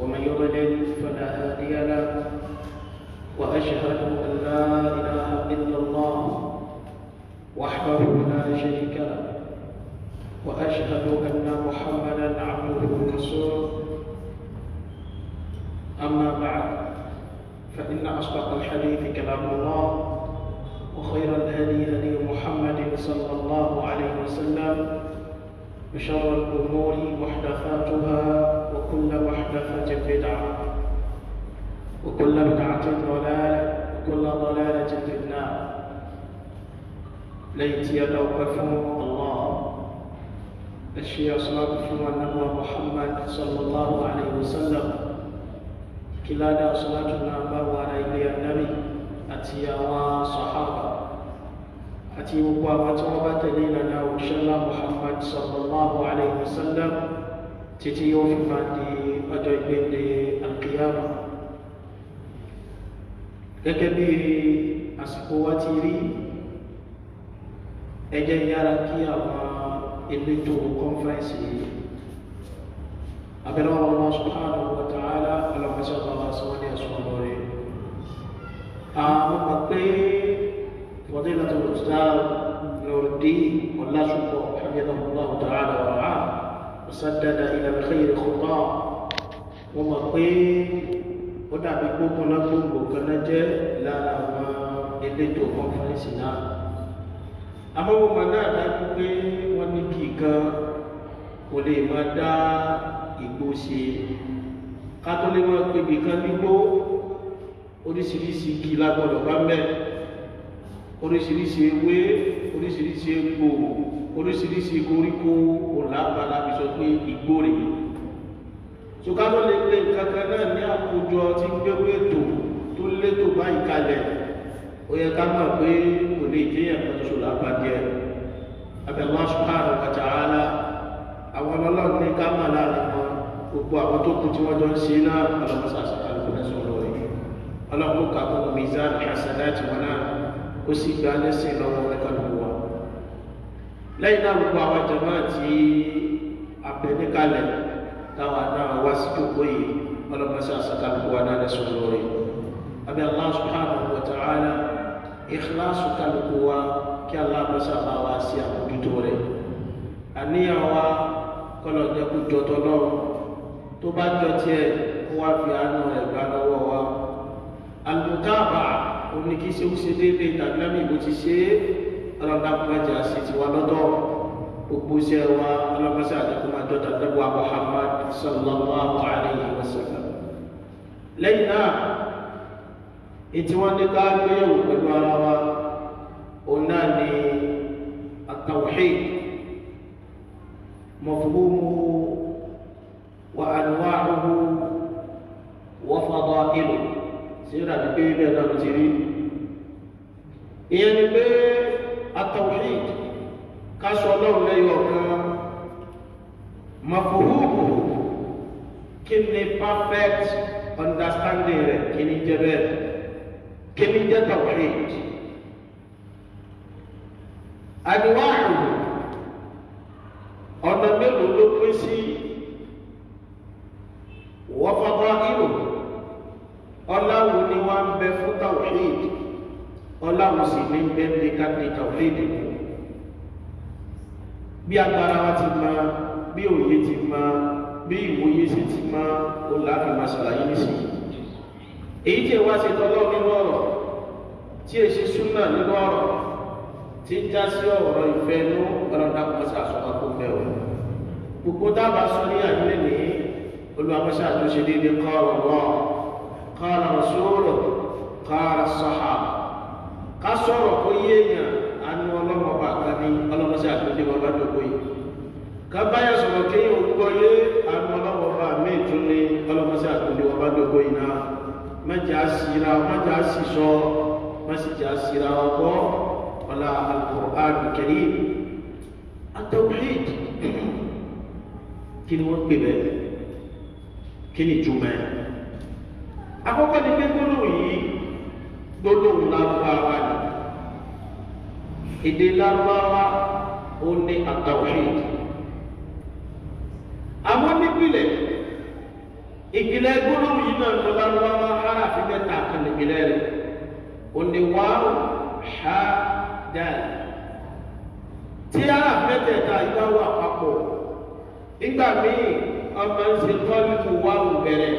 ومن يضلل فلا هادي له واشهد ان لا اله الا الله وحده لا شريك له واشهد ان محمدا عبده ورسوله اما بعد فان اصدق الحديث كلام الله وخير الهدي هدي محمد صلى الله عليه وسلم وشر الأمور محدثاتها وكل محدثة بدعة وكل بدعة ضلالة وكل ضلالة في النار ليتي توقفوا الله الشيء صلاة النبي محمد صلى الله عليه وسلم كلا صلاة بابا عليه النبي أتيا وصحابه àti gbogbo àwọn tí wọ́n bá tẹ̀lé ìlànà òṣèlú Muhammad sallallahu alayhi wa sallam títí yóò fi máa di ọjọ́ ìgbéǹde àkíyàmà gẹ́gẹ́ bí àsìkò wa ti rí ẹ jẹ́ yára kí àwọn elétò kọ́nfẹ́ǹsì yìí abẹ́rẹ́ Allah subhanahu wa ta'ala ọlọ́mọṣẹ́ ọba wa sọ́wọ́dẹ̀ ẹ̀sùn ọlọ́rẹ́ àwọn mọ̀ pé فضيلة الأستاذ نور الدين واللاشقر حفظه الله تعالى ورعاه وسدد إلى الخير خطاه وما قيل ودعبي كوكو نكوكو كنجة لا ما elétò kọ́nfẹ́rẹ́nsì náà amáwòmọ́ náà dájú pé wọ́n ní kì í kan kò lè máa dá igbó ṣe ká tó lè máa pèbì kan nígbó oríṣiríṣi kì í lágbọ́dọ̀ bá mẹ́rin oríṣiríṣi ewé oríṣiríṣi egbò oríṣiríṣi koríko ọ̀làbàlà fi sọ pé igbó rèé sùkánú lè pe nǹkan kan náà ní àkójọ tí ń gbé wéètò tó létò báyìí kalẹ̀ ó yẹ ká mọ̀ pé kò lè jẹ́yàn kan ṣòro àpàdé abẹ́lú aṣọ́kàrọ̀ kàtàrà àwọn ọlọ́run ní ká mọ̀ láàrin wọn gbogbo àwọn tó kù tí wọ́n jọ ń ṣe náà ọlọ́run sàṣàkàlù fún ẹ̀sùn ọlọ́run ọlọ́run kàkọ́ mizan hasanati wọn náà kó sì gba lẹ́sìn lọ́wọ́ oníkàlùkù wa lẹ́yìn náà gbogbo àwọn jàmáà tí abẹnikalẹ̀ táwọn náà wá sí jókòó yìí ọlọ́mọṣẹ́ àṣàkàlùkù wa náà lẹ́sùn lórí abẹ́ Allah subhanahu wa ta'ala ìkíláàsù kàlùkù wa kí aláàmọ́sá bá wa sí àmójútó rẹ̀ àníyàn wa kọlọ̀ jẹ́ jọtọ̀ lọ́rùn tó bá jọ tiẹ̀ kó wá fi àánú rẹ̀ gbà lọ́wọ́ wa àlùkáàbà òní kí ṣe ó ṣe déédéé tàbí lábí ìbò ti ṣe é alábàápàjà sí tiwa lọ́dọ̀ gbogbo iṣẹ́ wa alábàáṣà àdàkùn máa dọ́ta lẹ́wọ̀ Muhammad sallallahu alayhi wa sallam. lẹ́yìn náà ètí wọ́n ní ká gbéyàwó pẹ̀lú ara wa òun náà ni at-tawhid mafhumuhu wa anwa'uhu wa fadailuhu tí ó dàbí pé bẹ́ẹ̀ náà ló ti rí ìyẹn ni pé atọ̀wé ká sọ ọlọ́run lẹ́yìn ọ̀kan mafuhuhu kí ni perfect understanding rẹ̀ kí ni jẹ́ bẹ́ẹ̀ kí ni jẹ́ tọ̀wé àdìwáàrùn ọ̀nà mélòó ló pín sí. ọlọ́run sì ní bẹ́ẹ̀ ká ní tàwílẹ̀dẹ̀ mú bí agbára wa ti mọ bí òye ti mọ bí ìwòye sì ti mọ olùhàbí máa ṣàlàyé nísìn èyí tí ìwà ṣe tọ́lọ́ nínú ọ̀rọ̀ tí èsì súnà nínú ọ̀rọ̀ tí ń já sí ọ̀rọ̀ ìfẹ́ inú ọlọ́dà kan sí àsọ̀kà tó fẹ́ o gbogbo dábàá sọ ní àdúlé nìyí olùwàmọ́ṣà déédéé kọ́ ọ̀rọ̀ kọ́ ọ̀rọ̀ sóòrò kọ́ ọ̀rọ̀ sọ́hàbà ká sọ̀rọ̀ kó yé èèyàn anú ọlọ́mọba kan ní ọlọ́mọṣẹ́ àtúndé wọn ládùúgbò yìí ká báyà sọ̀rọ̀ kéèyàn ń gbọ́ yé anú ọlọ́mọba míì tún ní ọlọ́mọṣẹ́ àtúndé wọn ládùúgbò yìí náà mẹ́jà síra mẹ́jà sísọ mẹ́sìjà síra ọgbọ́ ọ̀la al-Qur'an al-Karim at-tawhid kí ni wọ́n pè bẹ́ẹ̀ kí ni jùmọ̀ ẹ̀ ni pé gbólóhùn yìí gbólóhùn lárúbáwá ni èdè lárúbáwá ó ní àtàwíìd àwọn nípìnlẹ̀ ìpìlẹ̀ gbólóhùn yìí náà ló lárúbáwá hárà fi mẹ́ta kan ìpìlẹ̀ rẹ̀ ó ní wàá ṣá dáa tí hárà mẹ́tẹ̀ẹ̀ta yìí bá wà papọ̀ nígbà míì ọmọ ń ṣe tọ́lùkù wàá bẹ̀rẹ̀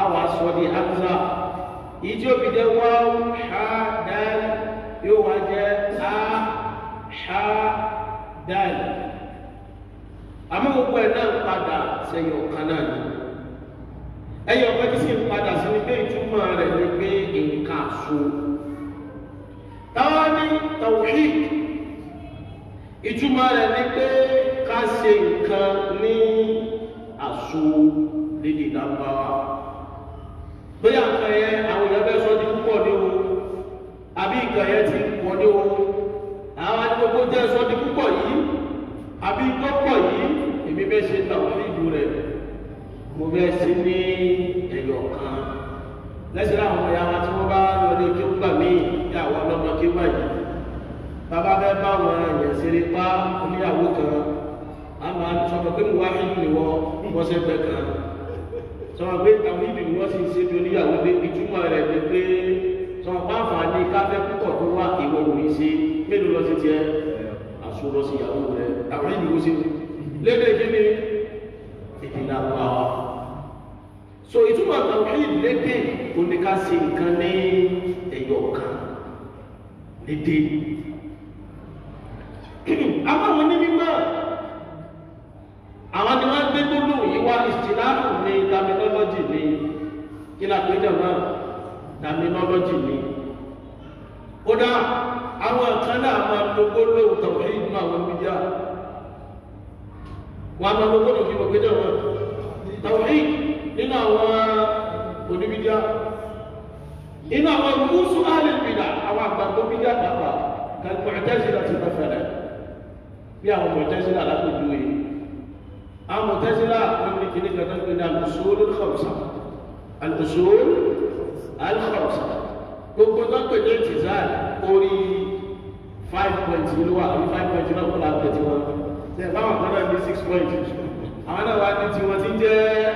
àwọn aṣọ di hamza ìjọba ìdẹ wàá ṣáá. sẹ́yìn ọ̀kan náà ni ẹ̀yìn ọ̀kan tí sì ń padà sí ní pé ìtumọ̀ rẹ̀ ni pé nǹkan àṣọ táwa ní tawhid ìtumọ̀ rẹ̀ ni pé ká ṣe nǹkan ní àṣọ lédè dábàá bóyá nǹkan yẹn àwọn èèyàn bẹ́ẹ̀ sọ ní púpọ̀ ní o àbí nǹkan yẹn ti pọ̀ ní o àwọn àti gbogbo jẹ́ sọ ní púpọ̀ yìí àbí gbọ́pọ̀ yìí èmi bẹ́ẹ̀ ṣe tàwọn rẹ̀ mo fẹ́ ṣe ní ẹ̀yọ̀ kan lẹ́sìn láwọn ọmọ yàrá tí wọ́n bá lọ ní kí ó gbà mí ní àwọn ọlọ́mọ kí ó wà yìí bàbá fẹ́ bá àwọn èèyàn ṣeré pa oníyàwó kan a máa sọ pé mo wá ìlú ni wọ́n wọ́n ṣẹ́gbẹ́ kan sọ pé àwọn ìlú ni wọ́n sì ń ṣe bí oníyàwó dé ìtumọ̀ rẹ̀ ni pé sọ pé àǹfààní káfẹ́ púpọ̀ tó wà ìwọ òní ṣe mélòó lọ sí tiẹ̀ àṣọ lọ sí ìyàwó rẹ̀ àwọn ìlú ó ṣe lédè kí ni lédè oníká ṣe nǹkan ní ẹ̀yọ̀ kan lédè. Amáwọn onímọ̀ àwọn ni wọ́n gbé gbólóhùn yìí wá ìsìláàmù ní terminology ní kí la pé jọ̀mọ́ terminology ní. Kódà àwọn kan náà máa lo gbólóhùn tọ̀wé ìlú àwọn mídíà. Wọ́n á máa lo gbólóhùn kí wọ́n gbé jọ̀mọ́ tọ̀wé nínú àwọn oníbídíà inú àwọn ìmúsù alìbìlà àwọn àgbàgbọ́ bídíà dàpà kàlùkù ẹ̀tẹ́sílà ti bá fẹ́rẹ̀ bí àwọn ọmọ ẹ̀tẹ́sílà lápẹ̀jú yìí àwọn ọmọ ẹ̀tẹ́sílà wọn ní kíní kan náà gbéra al-usul al-khamsa al-usul al-khamsa gbogbo náà pẹ̀lú ìtìzáàlì orí five point ló wà àbí five point náà kọ́ láti tẹ̀síwá ṣe é báwọn kan náà ní six point àwọn náà wá ní tiwọn ti jẹ́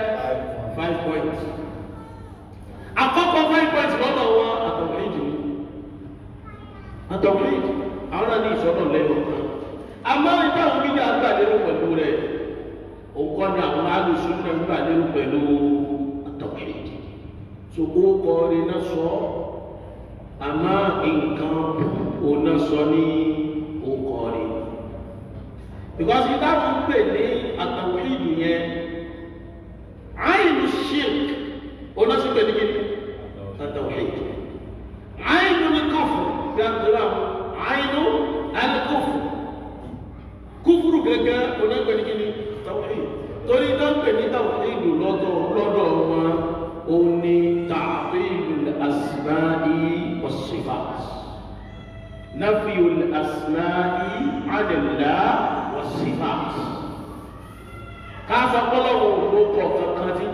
five point. àtọ̀wé àwọn náà ní ìsọ̀nà lẹ́nu kan àmọ́ ìtàn gbígbà gbà lérò pẹ̀lú rẹ̀ òǹkọ́ ni àwọn alùsùn náà gbà lérò pẹ̀lú àtọ̀wé ṣòkó kọrí náà sọ àmọ́ nǹkan òun náà sọ ní òǹkọ́ rẹ̀ because ìdáhùn pè ní àtọ̀wé ìdù yẹn.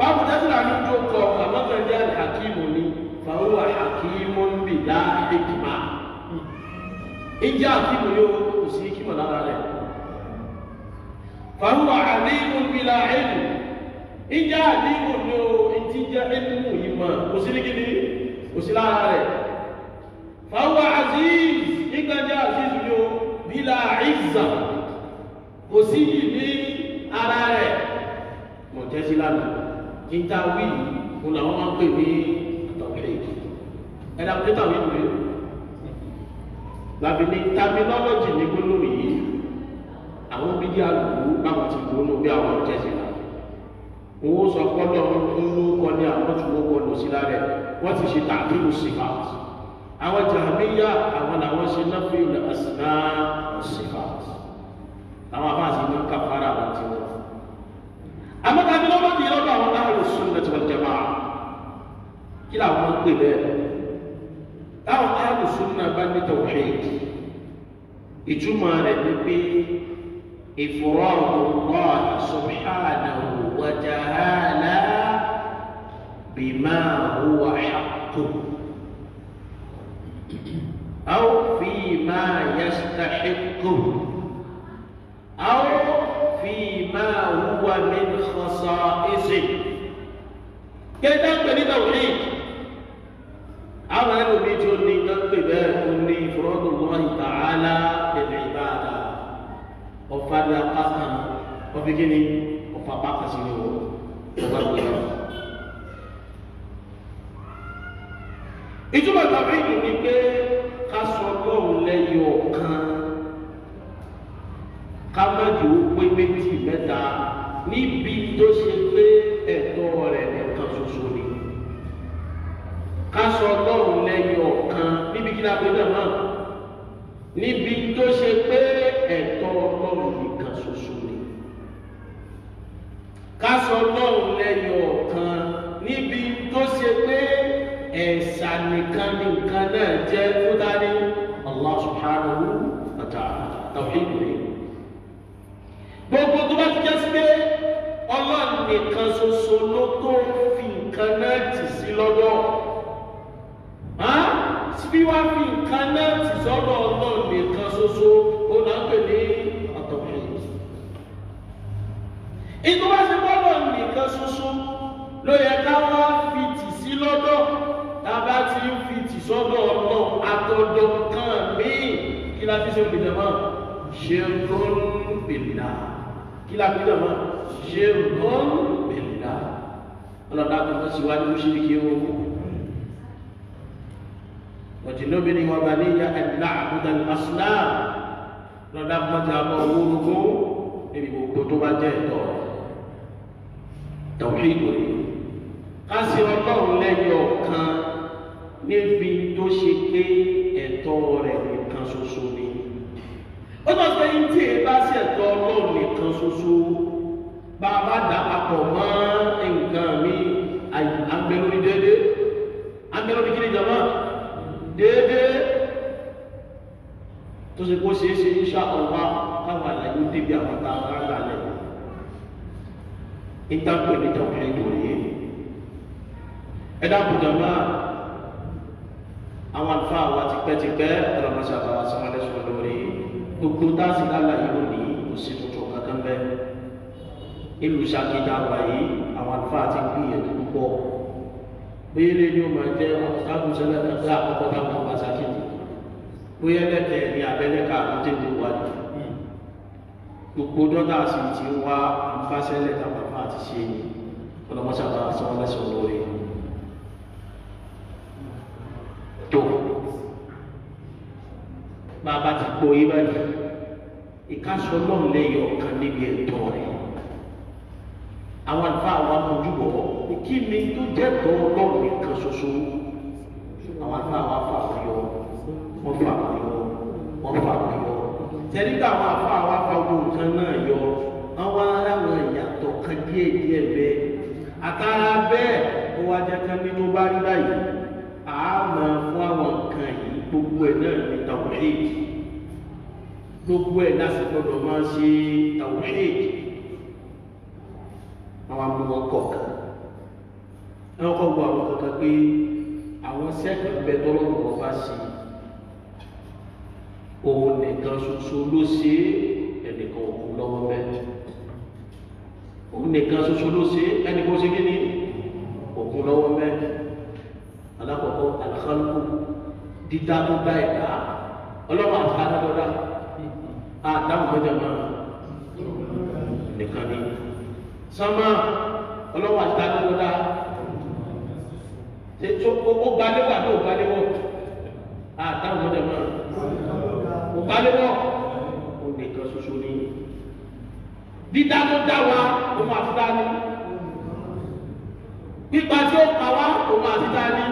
babu dafila ni to ko amma kan da hakimu ni fa huwa hakimun bi da hikma in ja hakimu yo ko si hikima la rale fa huwa alimun bi la ilm in ja alimun yo in ti ja ilmu yima ko si ni gini ko si la rale fa huwa aziz in kan ja aziz yo bi la ara rẹ̀ mọ̀jẹ́sí lánàá níta wí yìí òun làwọn máa ń pè ní àtọ̀kẹ́ ìdí ẹ̀dá pété àwọn é làbí ní terminology ní gbólóhùn yìí àwọn bí díà lù ú báwọn ti lù ú ní bí àwọn ọ̀jẹ̀sìn náà owó sọ pọ́lọ́ olóko ní àwọn tí wọ́n wọlé sí lára ẹ̀ wọ́n ti ṣe tàbílù sífà àwọn jàmíyà àwọn làwọn ṣe náà fi lè àsìná sífà àwọn afáàsì ní káfárà àti wọn. àmọ́ tàbí lọ́wọ́ kí làwọn máa ń pè bẹ́ẹ̀ táwọn alùsùn náà bá ní tawhid ìtumọ̀ rẹ̀ ni pé ìfọ̀rọ̀rùn Allah subhanahu wa ta'ala bima huwa haqqu aw fima yastahiqqu aw fima huwa min khasa'isihi. kẹ́ńtà pẹ̀lú tawhid. àwọn ẹlòmíì tí ó ní gánpè bẹ́ẹ̀ ó ní ìfọ̀rọ̀dùn wọn ta'ala bil ibada ọ̀fà ní apá kan ọ̀fi kí ni ọ̀fà apá kan sí ni ó ọ̀fà gbé lọ. ìtumọ̀ tàbí ìlú ni pé ká sọ ọlọ́run lẹ́yìn ọ̀kan ká má jò ó pé méjì mẹ́ta níbi tó ṣe pé ẹ̀tọ́ rẹ̀ nìkan ṣoṣo ni ká sọ ọlọ́run lẹ́yìn ọ̀kan níbi kí lápẹ́ náà hàn níbi tó ṣe pé ẹ̀tọ́ ọlọ́run nìkan ṣoṣo ni ká sọ ọlọ́run lẹ́yìn ọ̀kan níbi tó ṣe pé ẹ̀sà nìkan nìkan náà jẹ́ kó dání Allah subhanahu wa ta'ala tawhid ni gbogbo tó bá ti jẹ́ sí pé ọlọ́run nìkan ṣoṣo ló tó fi nǹkan náà tì sí lọ́dọ̀ fíwá fi nǹkan náà ti sọ́dọ̀ ọlọ́run nìkan ṣoṣo ó là ń pè ní àtọ̀kùnrin. inú wá sí bọ́lọ̀ nìkan ṣoṣo ló yẹ ká wá fi tì sí lọ́dọ̀ tá a bá ti ń fi tì sọ́dọ̀ ọlọ́run àtọ̀dọ̀ kan míì kí la fi ṣe òpìtàn mọ́ ṣe tó ń kí la fi dàn mọ́ ṣe tó ń ọlọ́dà kan tó ṣe wá ní oṣù kí ó wọ́n wàjìlóbìnrin wọn bá níyà ẹ̀dá àbúdá àṣìlá lọ́dá mọ́jà bọ́ owó rogún níbi gbogbo tó bá jẹ́ ẹ̀tọ́ tàwọn ìlú rẹ̀ ká sí ọlọ́run lẹ́yìn ọ̀kan níbi tó ṣe pé ẹ̀tọ́ rẹ̀ nìkan ṣoṣo ni ó lọ pé tí èyí bá ṣẹ̀tọ́ ọlọ́run nìkan ṣoṣo bá a bá dà papọ̀ mọ́ nǹkan. tó ṣe kó ṣeé ṣe iṣẹ́ ọ̀wá káwọn àlàyé débi àwọn tá a rárá lẹ̀. ìtàkùn ìdíjà òkè ìdòrè ẹ dákun jàmbá àwọn àlùfáà wa tipẹ́tipẹ́ ọ̀rọ̀ máa ṣàtàwà sí wọn lẹ́sùn lórí gbogbo dáàsì lálàyé lónìí kò sí tuntun kankan bẹ́ẹ̀. ìlú ṣàkíjà wà yìí àwọn àlùfáà ti gbìyànjú púpọ̀ bí ilé ni ó máa jẹ́ ọ̀sán àbùsọ̀lẹ̀ kan àkọ́kọ́ táwọn ọba ṣàkíjà bóyá lẹ́tẹ̀ ní abẹ́lẹ́ka àbútẹ́lẹ̀ wà ní gbogbo dọ́là sí ti wá àǹfàṣẹ́ lẹ́tà bàbá àti ṣe ni ọlọ́mọṣàbà sọ́wọ́n lẹ́sọ̀ lórí tó bàbá ti pọ̀ yí báyìí ìkáṣọ ọlọ́run lẹ́yìn ọ̀kan níbi ẹ̀tọ́ rẹ̀ àwọn àlùfáà wa mojú bọ̀ kí ni tó jẹ́ tọ́ ọlọ́run nìkan ṣoṣo àwọn àlùfáà wa fà fún yọ wọ́n fà á tẹ̀lé àwọn afọ àwọn afagbó nǹkan náà yọ àwọn aráwọ̀ ìyàtọ̀ kan díẹ̀ díẹ̀ bẹ́ẹ̀ àtàrà bẹ́ẹ̀ ó wá jẹ́ kán nínú bá rí báyìí àmọ́ fún àwọn nǹkan yìí gbogbo ẹ̀ náà ní tawhid gbogbo ẹ̀ láti gbọdọ̀ máa ṣe tawhid àwọn amúwọn kọ̀ọ̀kan ẹ̀wọ̀n kọ́ gbọ́ àwọn kankan pé àwọn sẹ́kẹ̀ẹ́ bẹ́ẹ̀ tọ́lọ́mù ọba ṣe òun nìkan ṣoṣo ló ṣe é ẹnìkan òkú lọ́wọ́ bẹ́ẹ̀ òun nìkan ṣoṣo ló ṣe é ẹnìkan ṣe kí ni òkú lọ́wọ́ bẹ́ẹ̀ alákọ̀ọ́kọ́ alikálùkù dídá tó dá ẹ̀dá ọlọ́run àti adájọ́dá àdáhùn mẹ́jọ máa nìkan ni sánmà ọlọ́run àti adájọ́dá ṣe tó gbogbo gbalẹ́wà tó gbalẹ́wọ̀ àdáhùn mẹ́jọ máa ta ló mọ̀ ó nìkan ṣoṣo ni dídá tó dá wa ó máa fi dá ní pípa tí ó pa wá ó máa fi dá ní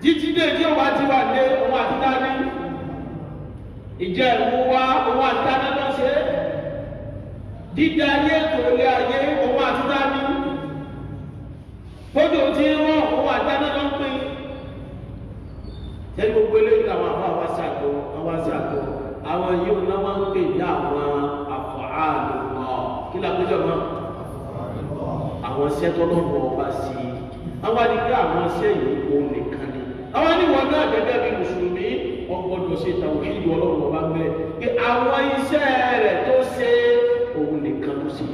títí dé tí òun àti wà dé òun àti dání ìjẹ ìwú wa òun àti dání lọ ṣe dídá ayé tòlẹ ayé òun àti dání fódò tí ń rán òun àti dání lọ tẹ́lẹ̀ gbogbo eléyìí àwọn àbá wa ṣàtọ̀ àwa ṣàtọ̀ àwọn yìí náà máa ń pè ní àwọn àfọ̀hálù náà kí la péjọ mọ́ àwọn iṣẹ́ tọ́lọ́mọ ọba sí i àwa ni pé àwọn iṣẹ́ yìí òun nìkan ni àwa ni wọn náà gẹ́gẹ́ bí mùsùlùmí wọn gbọdọ̀ ṣe tàwùhídì ọlọ́run ọba ń bẹ pé àwọn iṣẹ́ rẹ̀ tó ṣe òun nìkan ló ṣe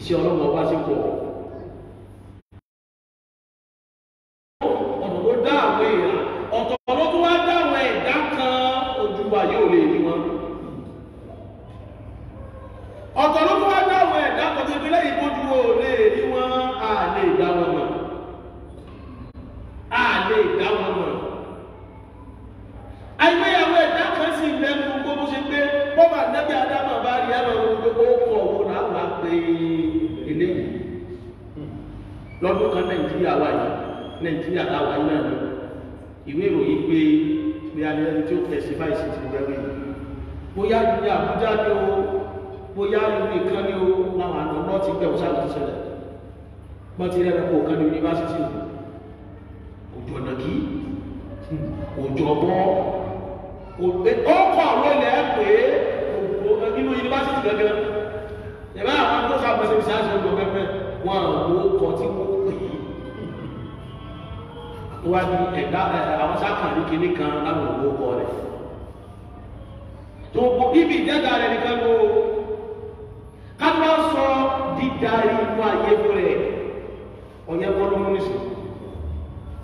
iṣẹ́ ọlọ́run ọba ṣe pọ̀ nàìjíríà táwa náà ni ìwé ìròyìn pé pé a ní ẹni tí ó tẹ̀sí báyìí sí ti wẹ́wẹ́ bóyá ìlú àbújá ni o bóyá ìlú nìkan ni o làwọn àná náà ti gbẹ̀ ọ̀sán àti ṣẹlẹ̀ wọ́n ti rẹ́rẹ́ kó kan ní yunifásitì òjò ọ̀nà kí òjò ọ̀bọ ọkọ̀ àwọn ilẹ̀ pé inú yunifásitì gẹ́gẹ́ ẹ̀bá àwọn akóso àgbẹ̀sẹ̀ ìṣáájú ọgbọ̀n pẹ́pẹ́ wọn àwọn ọkọ̀ tí wọ́n pè é ó wá ní ẹ̀dá àwọn sákàlù kìíní kan láwọn òwò kọ rẹ̀ tó gbó ibi ìdẹ́gà rẹ̀ nìkan ló kápá sọ dídarí inú ayé fún rẹ̀ ọ̀yẹ́ kọ́ ló mú nísìn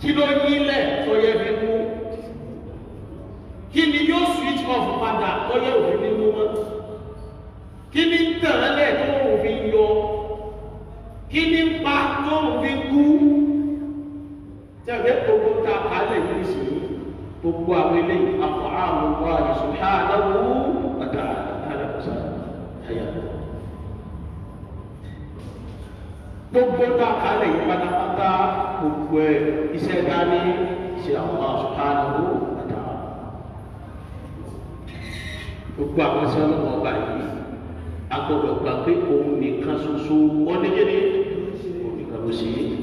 kí ló yí lẹ̀ tó yẹ fi mú kí ni yóò switch off padà tó yẹ òfin ní mú mọ́ kí ni tẹ̀lẹ́lẹ̀ tó òfin yọ kí ni pa tó òfin kú. jẹ́gẹ́ gbogbo ta alẹ́ yìí sì ni gbogbo àwọn ilé àpò àrùn wa lọ́sùn ha lọ́wọ́ ọ̀tá alákòóso ẹ̀yà. gbogbo ta alẹ́ yìí pátápátá gbogbo ẹ̀ iṣẹ́ dání ṣe àwọn lọ́sùn ha lọ́wọ́ ọ̀tá. gbogbo àwọn sọ́nà ọba yìí a gbọ́dọ̀ gbà pé òun nìkan ṣoṣo wọ́n ní yé ni òun nìkan ló ṣe é.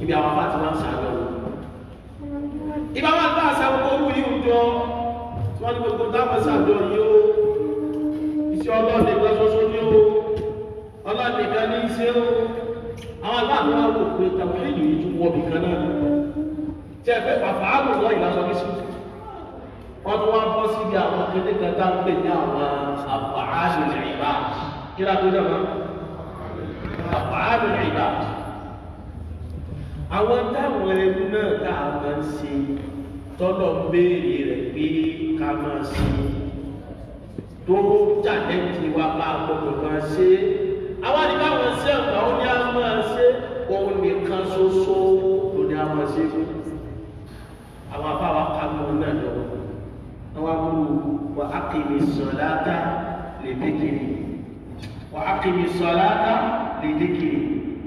ibi àwọn afá ti wọn ṣàgbọ wọn. ibà wọn bá àṣà gbogbo owó yìí ń jọ tí wọn ní gbogbo táwọn ṣàjọ yìí ó iṣẹ́ ọlọ́ọ̀dẹ kan ṣoṣo ní ó ọlọ́ọ̀dẹ kan ní iṣẹ́ ó àwọn afá ti wọn kò pé tàwọn èèyàn yìí tún wọ bìkan náà tí ẹ fẹ́ fàfà á lò lọ ìlànà oníṣẹ́ wọn tún wá bọ́ síbi àwọn akéde kan ní àwọn àfàá àṣìṣe ìbá kí ló dé wọn àfàá àṣìṣe ìbá àwọn táwọn ẹnu náà tá a máa ń ṣe tọ́lọ̀ ń béèrè rẹ̀ pé ká máa ṣe tó jáde tí wàá bá a gbọdọ̀ máa ṣe àwọn àdìgbà wọn sí ọ̀gá ó ní a máa ṣe òun nìkan ṣoṣo ló ní a máa ṣe fún àwọn afáwa kàmú náà lọ àwọn abúlé wa akéwì sọláta lè dékiri wa akéwì sọláta lè dékiri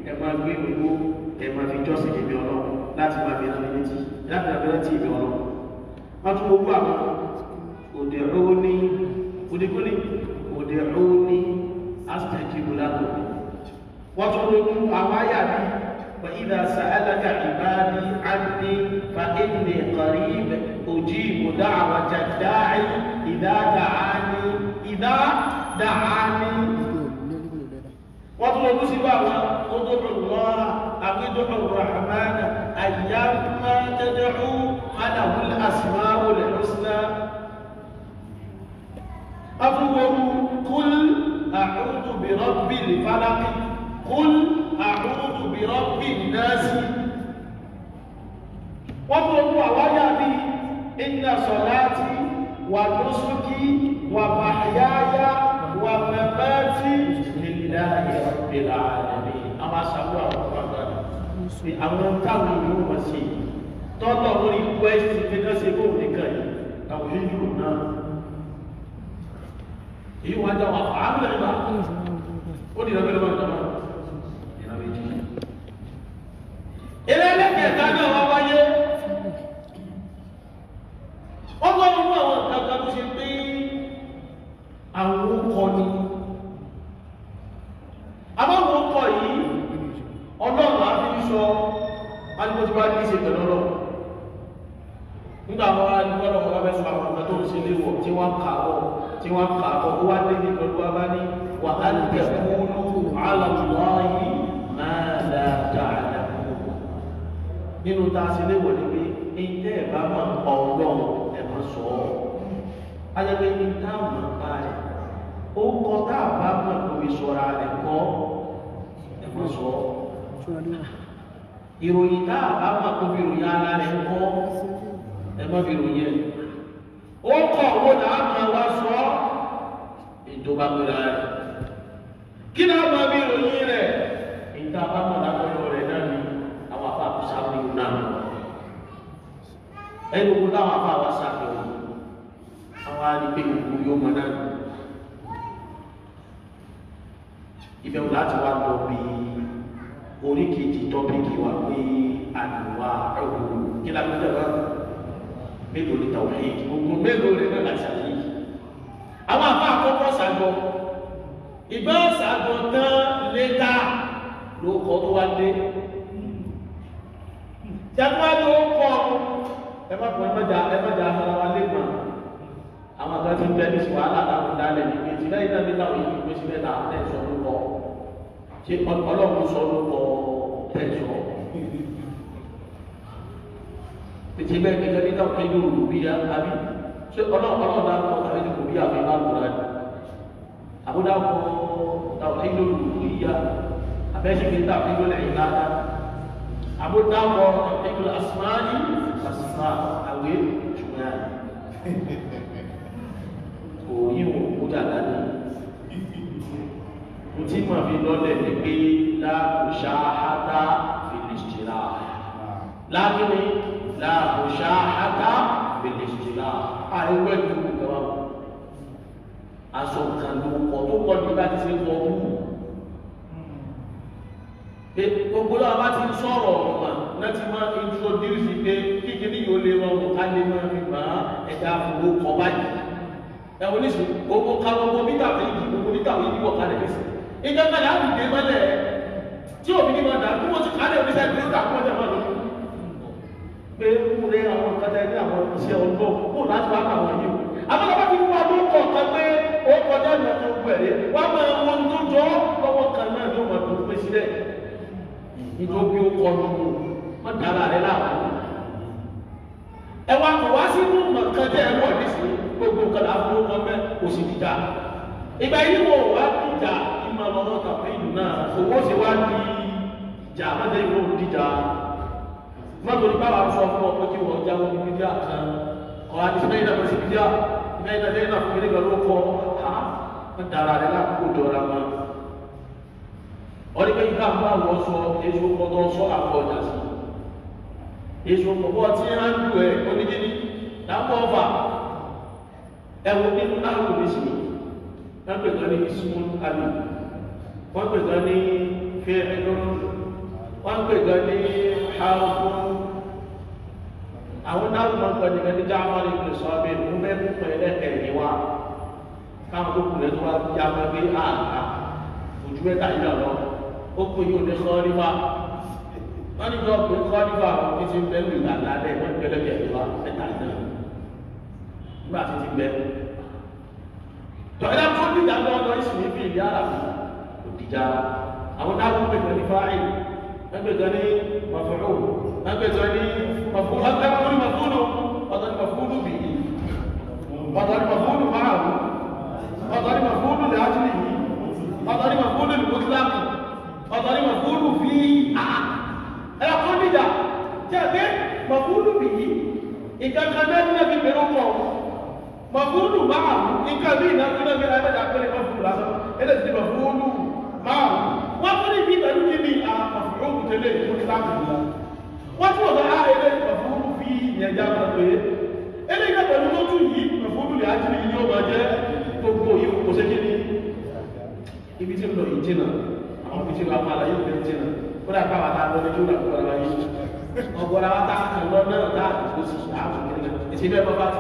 ẹ máa gbé gbogbo ẹ máa fi jọ́sìn èmi ọlọ́run láti máa fi ẹ̀sùn létí láti máa fi rántí èmi ọlọ́run wọ́n tún owó àwọn òde owó ní oníkúlì òde owó ní asitẹ́jì ìbúlágbò wọ́n tún ló àwọn àyà bí wọ́n ìdá sàálàkà ìbáàdì àdé fa kọ̀rí òjì ìbòdá àwọn jàdáì ìdá dàání wọ́n tún ló sí bá àwọn ó tó lọ́wọ́ أم الرحمن أيام ما تدعوا فله الأسماء الحسنى أول قل أعوذ برب الفلق قل أعوذ برب الناس وقل ويدي إن صلاتي ونسكي ومحياي ومماتي لله رب العالمين أما سبحانه ṣe àwọn táwọn ìlú wọn ṣe tọ́tọ̀ wọn ní west fẹ́kẹ́ ṣe bóun nìkan yìí àwọn yíyí náà èyí wọn á dá wọn ó dìrọ̀ bẹ́ẹ̀ lọ́wọ́ ìjọba. ìròyìn tá a bá máa kó fi ròyìn ara rẹ̀ kọ́ ẹ má fi ròyìn ẹ̀. ó kọ̀ owó náà máa wá sọ ìjọba gbéra rẹ̀. kí náà máa fi ròyìn rẹ̀ ìta bá máa dákọ̀ọ́ rẹ̀ náà ni àwọn afá kò sáfìhàn náà. ẹni wo láwọn afá wa sáfìhàn àwọn àdìgbé ìlú yóò mọ náà. ibẹ̀ láti wá lọ bíi orí kejì tọ́pìkì wà pé àdùnwà ọ̀hún kí la gbọ́dọ̀ bá mélòó ni tàwíì ogun mélòó rẹ̀ náà láti àyè àwọn àbá àkọ́kọ́ sàgbọ́ ìgbà sàgbọ́ tán létà ló kọ́ tó wá dé jàpá ló kọ́ ẹ má pọ̀ ẹ má jà ẹ má jà ara wa lẹ́gbàá àwọn àgbà tó ń bẹ ní sùn wàhálà làwọn dálẹ̀ lẹ́yìn náà ní tàwíì nígbèsí mẹ́ta ẹ̀ ṣé ọlọ́run sọ ló kọ ẹ̀sọ́ tètè bẹ́ẹ̀ gẹ́gẹ́ bí táwọn ẹni yóò bí ya àbí ṣé ọlọ́run ọlọ́run náà kọ tàbí kò bí àbí náà lò láti àbúdá kọ táwọn ẹni yóò bí ya abẹ́sẹ̀kẹ́ táwọn ẹni yóò lẹ̀ yìí láta àbúdá kọ ẹni yóò asùnmáàlì asùnmá àwẹ̀ ṣùgbọ́n yà òyìnbó kó dàgbà ní tí màá fi lọ́lẹ̀ ni pé láàbùṣà hátà fìlìṣìlá láàbùní láàbùṣà hátà fìlìṣìlá àìwẹ́ ju ìjọba aṣọ kan ló kọ tó kọ nígbà tí ṣe wọ mú gbogbo náà bá ti sọ̀rọ̀ ọ̀nà láti máa introduce pé kékeré yìí ó lè rọrùn ká lè máa fi máa ẹ̀dá àfọwọ́kọ báyìí ẹ̀wọ̀n nísìnyí gbogbo ká gbogbo mítà fún ìdìbò mítà fún ìdìbò kálẹ̀ nísìnyí ìjọ mẹ́ta á dìde mọ́lẹ̀ tí òbí ní mọ́ta tí mo ti kà á lè fíṣẹ́ ìpínlẹ̀ ìta kọjá máa lọ. pé kú rẹ àwọn kọjá ní àwọn iṣẹ́ ọgbọ́n kó láti wá àwọn yìí o. àbálọ́bá ti wá ló kọ̀ kan pé ó kọjá ní ọjọ́ gbẹ̀rẹ̀ wá máa wo ohun tó jọ lọ́wọ́ kan náà ló máa tó pé sílẹ̀. nítorí ó kọ lóko wọ́n dára rẹ láàbù. ẹ wá kò wá sínú mọ̀kànjẹ́ ẹ̀wọ̀n nísìnyí gbogbo kọ̀ọ̀lá fún ọmọ mẹ́ òsì ìgbà yìí wò wá kú jà máa lọ lọ́ta péyìn náà owó ṣe wá di ìjà mọ́tẹ́ ìwọ òdìjà mọ́tò nípa wà sọ fún ọkọ tí wọ́n jáwọ́ ní bíbí àkàn ọ̀ àti sọ́dọ̀ ìdàgbà sí bíbí àkàn ìdàgbà sí bíbí àkàn fún ìdàgbà lóko ha ń dara rẹ̀ lákòókò dọ̀ra wọn. ọ̀rẹ́ bẹ́ẹ̀ ká bá wọ́n sọ èso kọ́tọ́ sọ àkọ́jà sí èso kọ́kọ́ tí ń hàn ẹ̀ oníjìní dápọ̀ ọ̀fà ẹ̀wọ̀n nínú náà ló ní ìsúnmọ́ àlè wọ́n pè gan ní fẹ́ẹ́rú wọ́n pè gan ní hàrùkù àwọn náà wọ́n pè gan ní dáhùn ní ìlú sọ́ọ́bì ní wọ́n bẹ́ẹ̀ fún ẹlẹ́kẹ̀ẹ́ wa káwọn tó kù lẹ́nu wa yá wọn gbé àgbà ojú mẹ́ta yìí lọ ó kú yóò ní kọ́ọ́rí wa wọ́n ní jọ́ọ̀bù kọ́ọ́rí wa wọ́n ti bẹ́ẹ̀ lù lálẹ́ àdé wọ́n pè lẹ́kẹ̀ẹ́ wa mẹ́ta yìí lọ nígbà tí ti bẹ́ẹ̀ tọ́lá fún ìdájọ́ ọlọ́ ìjàrá àwọn náà kún pẹ̀lú ní fáìl ẹgbẹ̀gbẹ̀ ní maf'ul ẹgbẹ̀gbẹ̀ ní maf'ul ẹgbẹ̀gbẹ̀ ní maf'ul ọ̀tọ̀ ní maf'ul bì í ọ̀tọ̀ ní maf'ul máàrún ọ̀tọ̀ ní maf'ul lè ájú lè yí ọ̀tọ̀ ní maf'ul lè mutlaq ọ̀tọ̀ ní maf'ul fi ẹ̀kọ́ níjà jẹ́bi maf'ul bì í ìkankan náà ní ẹbí pẹ̀lú pọ̀ bí ìnáwó náà wọ́n tún ní bí pẹ̀lú kí ni àkọ̀fọ̀ òkú tẹ́lẹ̀ ìlú ní láti lọ wọ́n tún ọ̀gá ààrẹ ìkọ̀fọ̀ òkú fi ìyẹn já lọ pé eléyìí náà pẹ̀lú tó tún yìí ìkọ̀fọ̀ òkú lè á ti ní yóò máa jẹ́ gbogbo yìí kò sé kí ni ibi tí ń lọ yìí jìnnà àwọn fi ti lọ àwọn àlàyé ìfẹ́ jìnnà ó dà bá wa ta lọ lójú làkúrò àlàyé ọgbọ́n àwọn tá a kàn lọ náà dá àtúntò sí àwọn ìrìnà ìṣẹ́fẹ́ bọ́ bá ti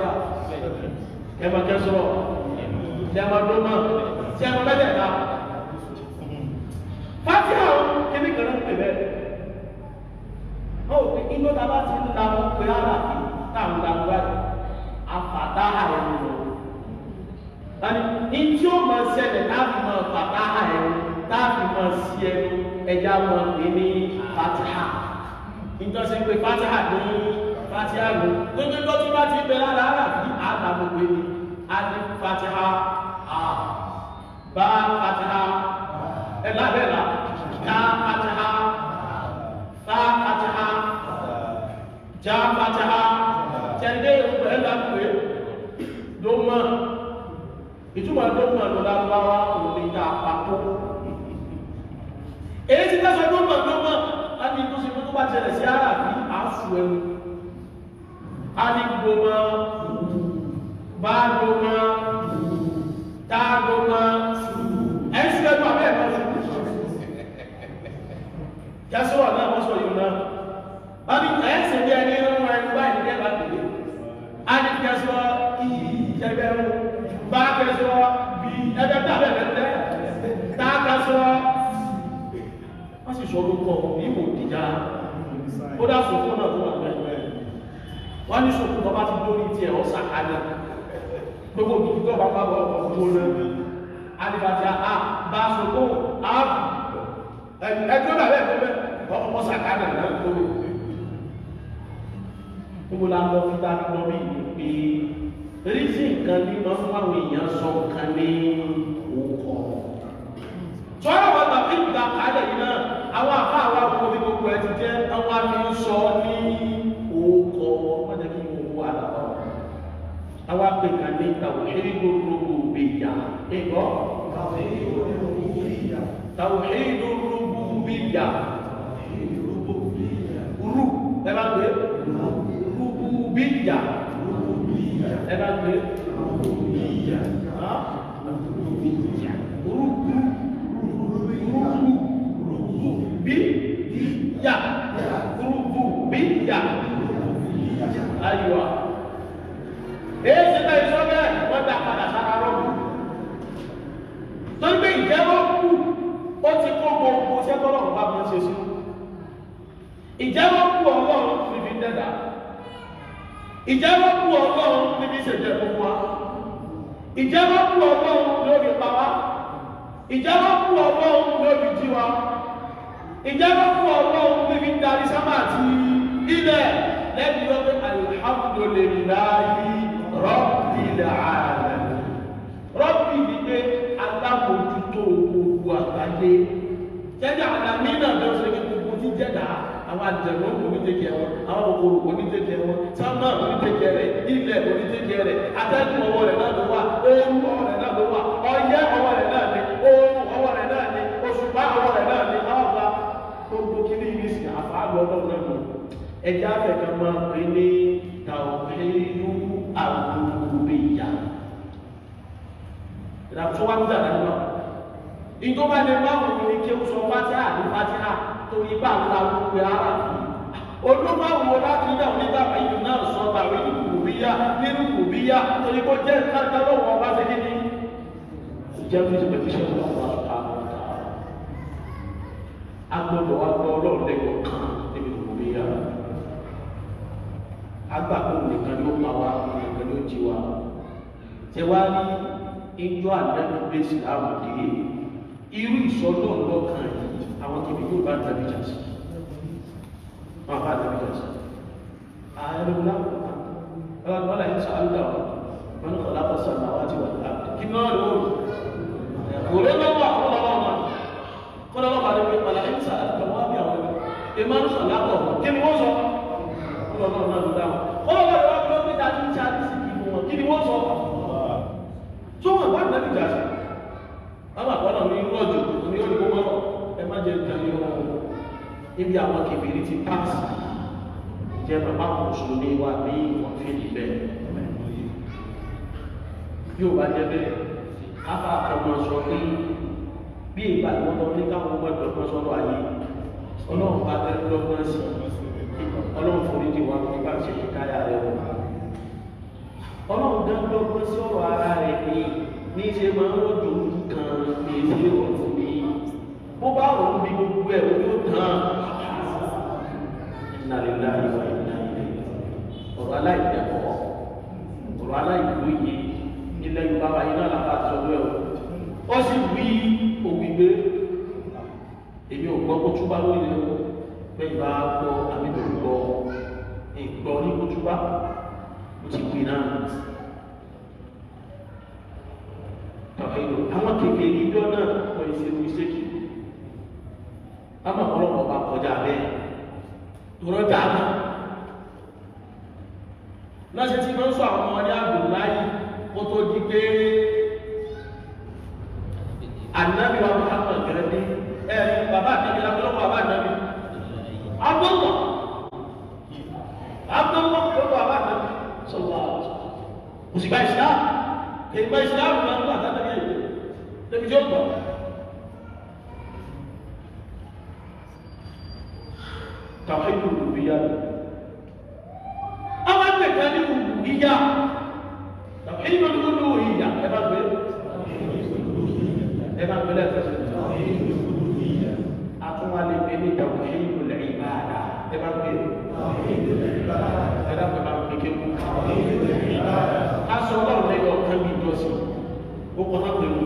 à ẹ̀ nígbà tá a bá ti ń la wọn pé àlàfi táwọn la wọn báyìí àfàtà àyẹ̀wò rẹ̀ tani ní tí ó máa ṣẹlẹ̀ láti máa fàtà àyẹ̀wò láti máa ṣí ẹnu ẹja máa pè ní fatiha nítorí pé fatiha ní fatiha ló gbogbo tó ti bá ti bẹ lára àlàfi àlàbò pé ní àti fatiha a bá fatiha ẹ lábẹ́ làá. kẹsàn ló mọ̀ ló mọ̀ láti tó ṣe tó bá ṣẹlẹ̀ sí ara bí àásù ẹnu adigbo mọ báàgbo mọ táàgbo mọ ẹsùn ẹnu abẹ́ ẹ̀kọ́ yasọ wà náà wọ́n sọ yìí náà bábí ẹ̀sìn bí ẹni ń wọ ẹni báyìí ní ẹ̀bá tèlé adigbo sọ ìyí ìjẹbẹ̀rún báàgbo sọ bí ẹgbẹ́ tábẹ̀rẹ̀ sorúkọ ìwò ìjà ó dá sòkó náà tó wà lẹ́gbẹ̀ẹ́ wọ́n ní sòkó tó bá ti dórí tiẹ̀ ọ́ sàkánà gbogbo òkìkí tó bá bá wọ ọkọ̀ gbóná alibàjá a bá sòkó a ẹgbẹ́ náà bẹ́ẹ̀ bẹ́ẹ̀ ọkọ̀ sàkánà náà tó wù gbogbo la lọ fi dá lọ bí ìpè rísì nǹkan bí wọ́n fún àwọn èèyàn sọ nǹkan ní òkọ̀. sọ́yà wọn tàbí ìgbà kálẹ̀ yìí náà. báàbù kan ní tàwùhídù rúbùbíyà ẹ̀kọ́. tàwùhídù rúbùbíyà. rú ẹ bá gbé rúbùbíyà ẹ bá gbé. ìjẹ́wọ́ kú ọlọ́run níbi ìṣèjẹ́ gbogbo wa ìjẹ́wọ́ kú ọlọ́run lórí pa wá ìjẹ́wọ́ kú ọlọ́run lórí jí wa ìjẹ́wọ́ kú ọlọ́run níbi darí sábà àti ilẹ̀ lẹ́bi lọ́pẹ́ alihamudulilayi rabbil alamin rọ́bì ni pé alábòjútó gbogbo àgbáyé jẹ́jà àdàmínà lọ́sọ̀rọ̀ gbogbo jíjẹ́ dàá àjẹmọ onídjẹkẹ wọn àwọn kòkòrò onídjẹkẹ wọn sábà onídjẹkẹ rẹ ilẹ̀ onídjẹkẹ rẹ atẹ́gùn ọwọ́ rẹ náà ló wà ooru ọwọ́ rẹ náà ló wà ọyẹ́ ọwọ́ rẹ náà ni ooru ọwọ́ rẹ náà ni òṣùpá ọwọ́ rẹ náà ni àwọn ọba gbogbo kí ni ìrísí àfààlù ọlọ́run náà lọ ẹja afẹ́kan máa pè ní tàwọ̀kẹ́lú àgbòkùnbẹ̀yà ìdàtúwájú dàdà náà ìjọba lè máa wù ní kí o sọ fatiha ní fatiha torí bá a ta gbogbo ara fún olúmọ̀wò láti ilé àwọn onígbà ìlú náà sọ bàwí kùbíyà nínú kùbíyà torí kó jẹ́ kájọ́ lọ́wọ́ ọba ṣe kíni ìjẹ́ fún ìjọba ìṣẹ́ tó wà wà á gbọ́dọ̀ wá gbọ́ ọlọ́run lẹ́kọ̀ọ́ kan níbi kùbíyà agbàgbọ́ nìkan ló máa wá nìkan ló jí wa ṣé wá ní ìjọ àdánù bẹ́sì láwùjọ irú ìsọdọ̀ ọlọ́kàn yìí àwọn tó fi yóò bá tàbí jà sí wọn bá tàbí jà sí ààrùn ọlọ́pàá yìí sọ àlùdà wọn kọ̀ lápọ̀ sọ àwọn àti wà láàbù kí náà ló kò lè lọ́wọ́ àkọlọ́ wọn mà kọlọ́ wọn bá lè pín pàlà yìí sọ àlùdà wọn bí àwọn ẹ máa ń sọ lápọ̀ jẹ́ ìtàlẹ́ ọ̀rọ̀ níbi àwọn kìbìrì ti páàsì jẹ́ bàbá mùsùlùmí wa ní ọ̀fíìlì bẹ́ẹ̀ yóò bá jẹ́ bẹ́ẹ̀ afa ọmọ sọ pé bí ìgbà tí wọ́n ní káwọn ọmọ ìdọ́gbọ́n sọ̀rọ̀ ayé ọlọ́run bá tẹ́ lọ́gbọ́n sí ọlọ́run forí di wọn nípa ṣe fi káyà rẹ̀ wọ̀ ọlọ́run dá lọ́gbọ́n sí ọ̀rọ̀ ara rẹ̀ pé ní ṣe máa ń rọ̀jò kan èyí ọ̀rọ̀ bó bá rò ó bí gbogbo ẹ̀ ojú tán ìnàlélá ìwà ìnà ilẹ̀ ọ̀rọ̀ aláìdẹ̀kọ́ ọ̀rọ̀ aláìdóye ilẹ̀ Yorùbá wa iná làbá sọ̀rọ̀ ẹ̀ ó sì wí òwìgbé èmi ò gbọ́ kó túbá lórí ẹ̀ bẹ́ẹ̀ bá gbọ́ àmì tó gbọ́ ìgbọ́ ní kó túbá ó ti pin náà tọ̀hìn àwọn kékeré ìjọ náà wọ́n ṣe wíṣẹ́kì ama ọlọpàá ọba kọjá bẹ́ẹ̀ tọrọ dàgbà lọsí tí wọn sọ àwọn ọmọdé abdullahi kó tó di pé anabi wa muhammad gẹrẹbi ẹ bàbá àtàbí lọpọlọpọ bàbá àtàbí abdullah abdullah lọpọ bàbá àtàbí sọlá òsì gba islam èyí ìyá rẹ̀. Àwọn ẹgbẹ̀ta ní ìlú ìyá. Tàbí ẹni máa ń wọ́n lówó ìyá ẹ bá gbé. Ẹ bá gbé lẹ́sẹ̀ sí. Àtúnwálé pé ní ìdàgbò ṣe ìlú lẹ̀ ìbáàdà. Ẹ bá gbé. Ẹ dákun bá gbé kéwù. Aṣọ ọlọ́run lẹ́yìn ọ̀kan bí ìjọsìn. Ó kọ́ náà pẹ̀lú.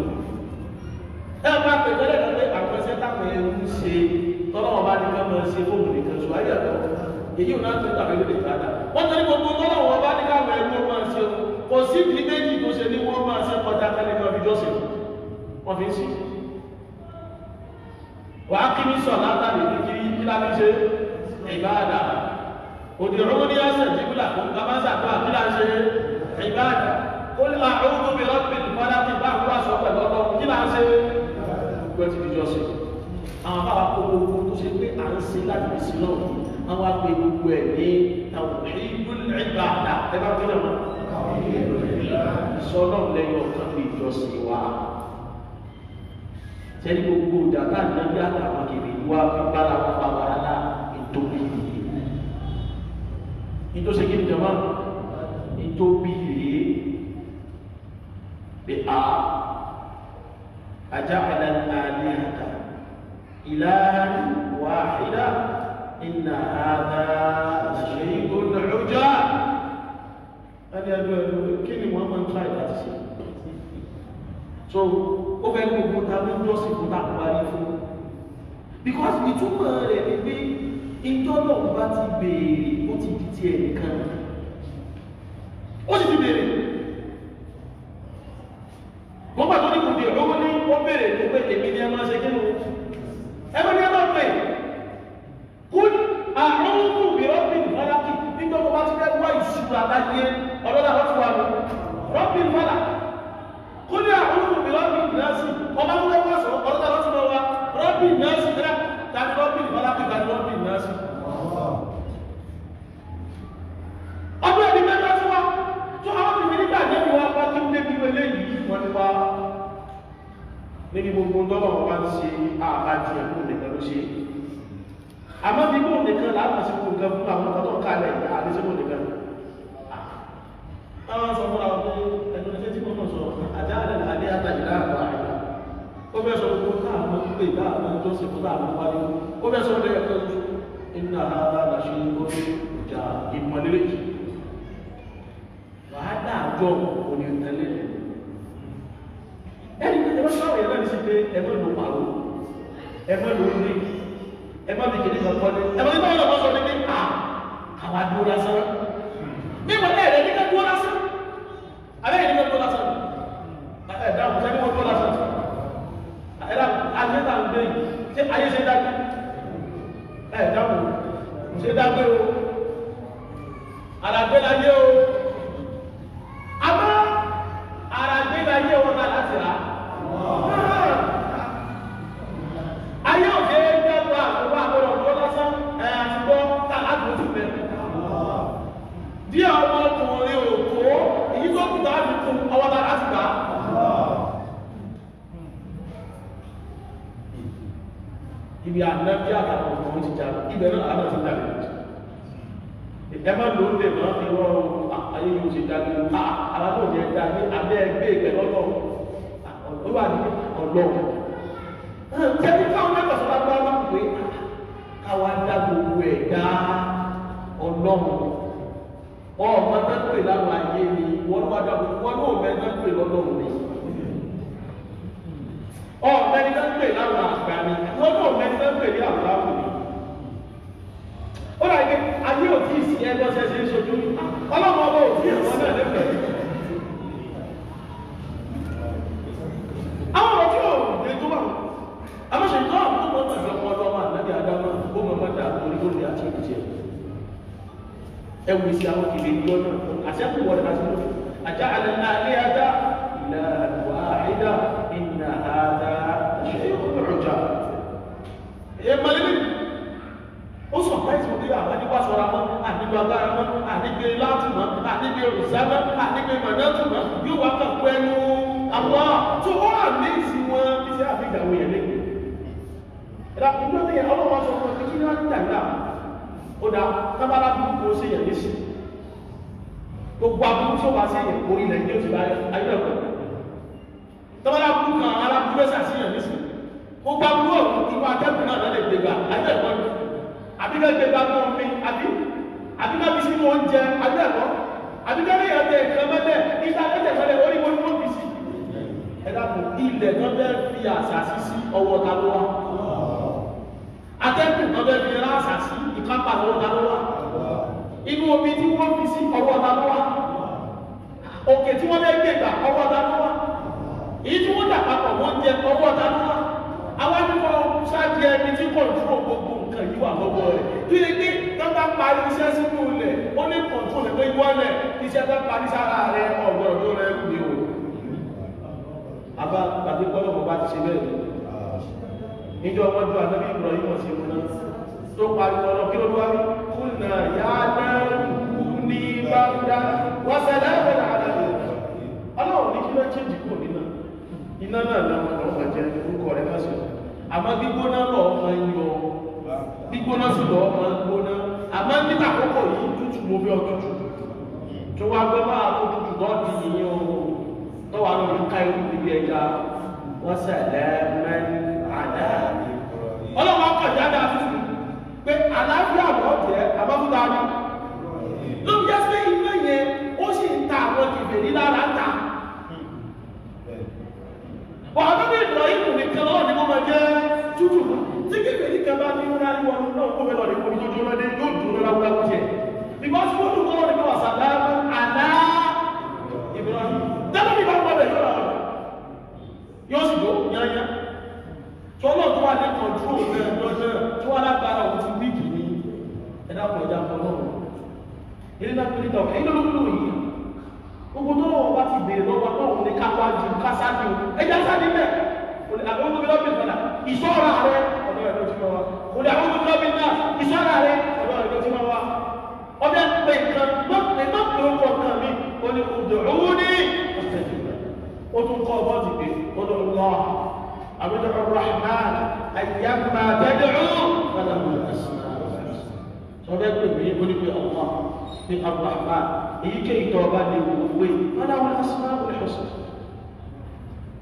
Ẹ bá pẹ̀lú ẹ̀rọ pé àpẹẹsẹ́ táwọn ẹ̀rú ń ṣe tọ́lọ́wọ́ bá ní ká máa ṣe fóònù èyí ò náà tó tàbí lóde ìtajà wọ́n tẹ́lẹ̀ gbogbo tọ́lọ̀ wọn bá ní káwọn ẹgbẹ́ wọn máa ṣe kò sí ìdí méjì tó ṣe ní wọ́n máa ṣe kọjá kálí ní ọdún jọ́sìn wọ́n fi ń sìn. wàá kí ní sọ̀ látàrí kíkiri kíláàbí ṣe ìbáàdà òdì rúbú ní ọ̀sẹ̀ jíbìlà kó kábà sàdúrà kíláà ṣe ìbáàdà ó ní máa rúbú mi lọ́pìn padà ti bá àwọn aṣọ pẹ̀lú ọkọ̀ kíláà ṣe gbẹ́tìdíjọ́sìn àwọn bá tó ṣe pé à ń ṣe láti fi sí náà awa pe gbogbo ẹ ní tawùhídùn ìgbà dà ẹ bá gbé náà sọlọ lẹyìn ọkàn bí ìjọsìn wa sẹni gbogbo dàgbà nàbí àtàwọn kìrì wá bípalà pàpà wàhálà ìtòbí rèé ìtòsí kìrì jọba ìtòbí rèé bí a ajá àdánù náà ní àtà ìlànà wàhálà. ìlà àdá ṣe ìgbó lọ́jọ́ ẹni ẹgbẹ́ ẹgbẹ́ kí ni wọ́n máa ń try láti ṣe so ó fẹ́ kó kúta ló ń jọ́ sí kúta parí fún because ìtumọ̀ rẹ̀ ni pé ìjọ́lọ̀ bá ti béèrè ó ti di tiẹ̀ kan ó sì ti béèrè pé ẹ má lò pàrọ̀ ẹ má lò ní ẹ má bìkìlì kan kọ́ni ẹ má ní báwọn ọmọ sọ ní pé à àwọn adúlọ lásán. bí wọn náà rẹ ìsábà àdégbè mọ̀nàtù mọ́ yóò wá kàn pé ẹnu àwọn tó wọ́n àmì ìsìn wọn bí sẹ́ àfihàn àwọn èèyàn lẹ́gbẹ̀ẹ́. ìlà ìlú ní ọlọ́wọ́ sọ fún ọtí kí ni wọ́n ti dàgbà ó dà tábàlà burúkú ó sì yàn ní sùn. gbogbo aburú tó wá sí yàn orí nàìjíríà ti bá ayé ọ̀pọ̀. tábàlà burúkú kan aláburú ẹ̀sà sí yàn ní sùn. gbogbo aburú ọ̀hún inú atẹ́gùn náà lọ́lẹ̀ gbẹgbà ayé ọ̀pọ̀ àbíkẹ́ gbẹgbà àbíkẹ́lẹ́ yẹn tẹ nǹkan mẹ́tẹ̀ ìta mẹ́tẹ̀ mẹ́tẹ̀ ó ní mo ní mo bì sí. ẹ dàpọ̀ ilẹ̀ tó bẹ́ fi àṣà sí sí ọwọ́ ta ló wà. atẹ́kùn tó bẹ́ fi ráṣà sí ìkápá lọ́wọ́ ta ló wà. inú omi tí wọ́n fi sí ọwọ́ ta ló wà. òkè tí wọ́n bẹ́ gbé gbà ọwọ́ ta ló wà. èyí tí wọ́n dà papọ̀ wọ́n jẹ ọwọ́ ta ló wà. àwa ṣáàjì ẹni tí kọ̀ọ̀dúró gbogbo nǹkan yìí wà lọ́wọ́ rẹ̀ ó ní kọ̀ǹtún rẹ̀ pé gbọ́lẹ̀ iṣẹ́ tó parí sára rẹ̀ ọ̀gbọ̀rọ̀ tó rẹ̀ ń o àbá tàbí kọ́lọ̀ bọ̀ bá ti ṣe bẹ́ẹ̀ níjọ́ wọn ju àdébí ìbùrọ̀ yìí wọ́n ṣe mú náà tó parí ọlọ́ kí ló wá rí kùnà yá náà kú ní báńdá wọ́n sẹ́lẹ̀ ẹ̀rọ àlẹ́ ọlọ́run ní kí ló ṣe jù kò nínà iná náà làwọn ọmọ jẹ orúkọ rẹ̀ lọ́sọ̀ọ́ àmọ́ gbígbóná lọ́ọ́ máa ń yọ gbígbóná sí lọ́ọ́ máa ń gbóná àmọ́ nígbà àkókò yìí tútù mo bí ọtútù tó wá gbé máa tó tútù náà di yìnyín o tó wà lórí ká níbi ẹja wọ́n sẹ̀ lẹ́ẹ̀mẹ́rin àdáyà. nípa rahman èyíkéyìí tó bá lè wò wé wọn àwọn asmaul husna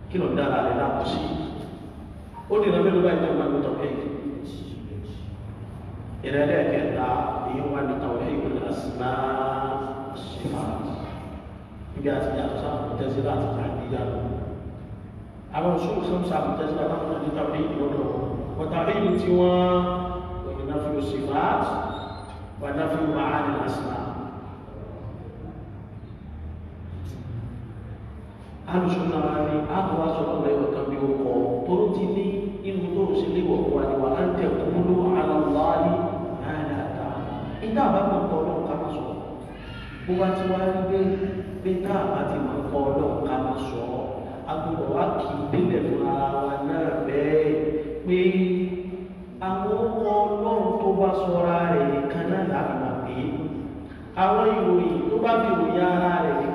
kí ló ń dára rẹ láàbò sí ó dì náà mélòó báyìí tó bá lè tọ̀ ẹ̀yìn ìrẹ̀lẹ̀ kẹta èyí wà ní tàwọn ẹ̀yìn ní asmaul ṣẹfà níbi àti yàtọ̀ sáwọn tẹ̀sí láti tàbí yàtọ̀ àwọn òṣùwò sọ́n sáwọn tẹ̀sí láti tàbí tàbí ìgbọ́dọ̀ wọ́tà ẹ̀yìn tí wọ́n wọ̀nyí náà fi òṣèlú àti wọ́n náà fi wọ́n àánì lásìlá alùsùnà wa ni àtọwà sọ̀rọ̀ lẹ́wọ̀ kan bí ó kọ́ tó ti ní inú tó ń sílé wọ̀ wá ni wà á ń tẹ̀ kúló aláwárí náírà ta. ìdá àbámu kọ́ ọlọ́run ká máa sọ bó bá ti wá rí bẹ́ẹ̀ bẹ́ẹ̀ tá àbá ti máa kọ́ ọlọ́run ká máa sọ agbọ̀dọ̀ wá kì í délẹ̀ fún ara wa náà bẹ́ẹ̀ pé àwọn ọkọ̀ ọlọ́run tó bá sọra rẹ̀ nìkan náà làbàgbé àwọn ìròyìn tó bá fi ròyìn ara rẹ̀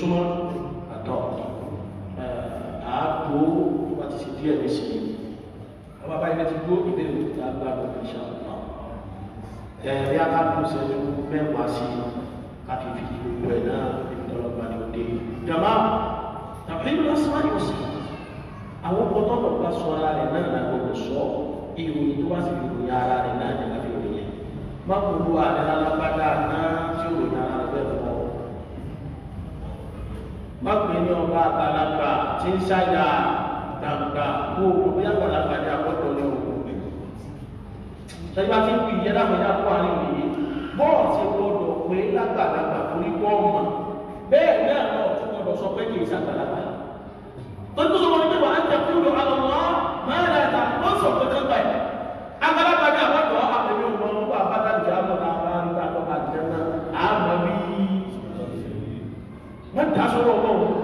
súnmọ́ àtọ̀ àápò wọ́n ti ṣe díẹ̀ lẹ́sìn yìí àwọn bàbá ilé ti gbó ìbéèrè tá a gbàgbọ́ ìṣà ọ̀pá ẹ̀rí akápò sẹ́nu mẹ́wàá sí káfífi gbogbo ẹ̀ náà ìdọ́lọ́gba ni ó dé jàmbá tàbí ìlú lásán wáyé ọ̀sẹ̀ àwọn ọkọ̀ tó lọ́ọ́ bá sọ ara rẹ̀ náà làgbọ̀dọ̀ sọ ìròyìn tó wá sí ìròyìn ara rẹ̀ náà ní àbí òye má gbogbo àdálábádá náà tí ò ní ara má pè ní ọba àgbàlagbà tí ń ṣàyà dàgbà kó o bí àgbàlagbà ní àgbọ̀dọ̀ ní òkú rẹ̀. ṣẹ́yìn bá ti kú ìyẹn láwọn yá kó àárín òye bọ́ọ̀ ti gbọdọ̀ pé lágbàlagbà torí kọ́ ọmọ bẹ́ẹ̀ náà lọ tún gbọdọ̀ sọ pé kì í ṣàgbàlagbà. torí tó ní pé wàá jẹ kúrò àlọ́ wọn dá sọ́rọ̀ ọmọ òun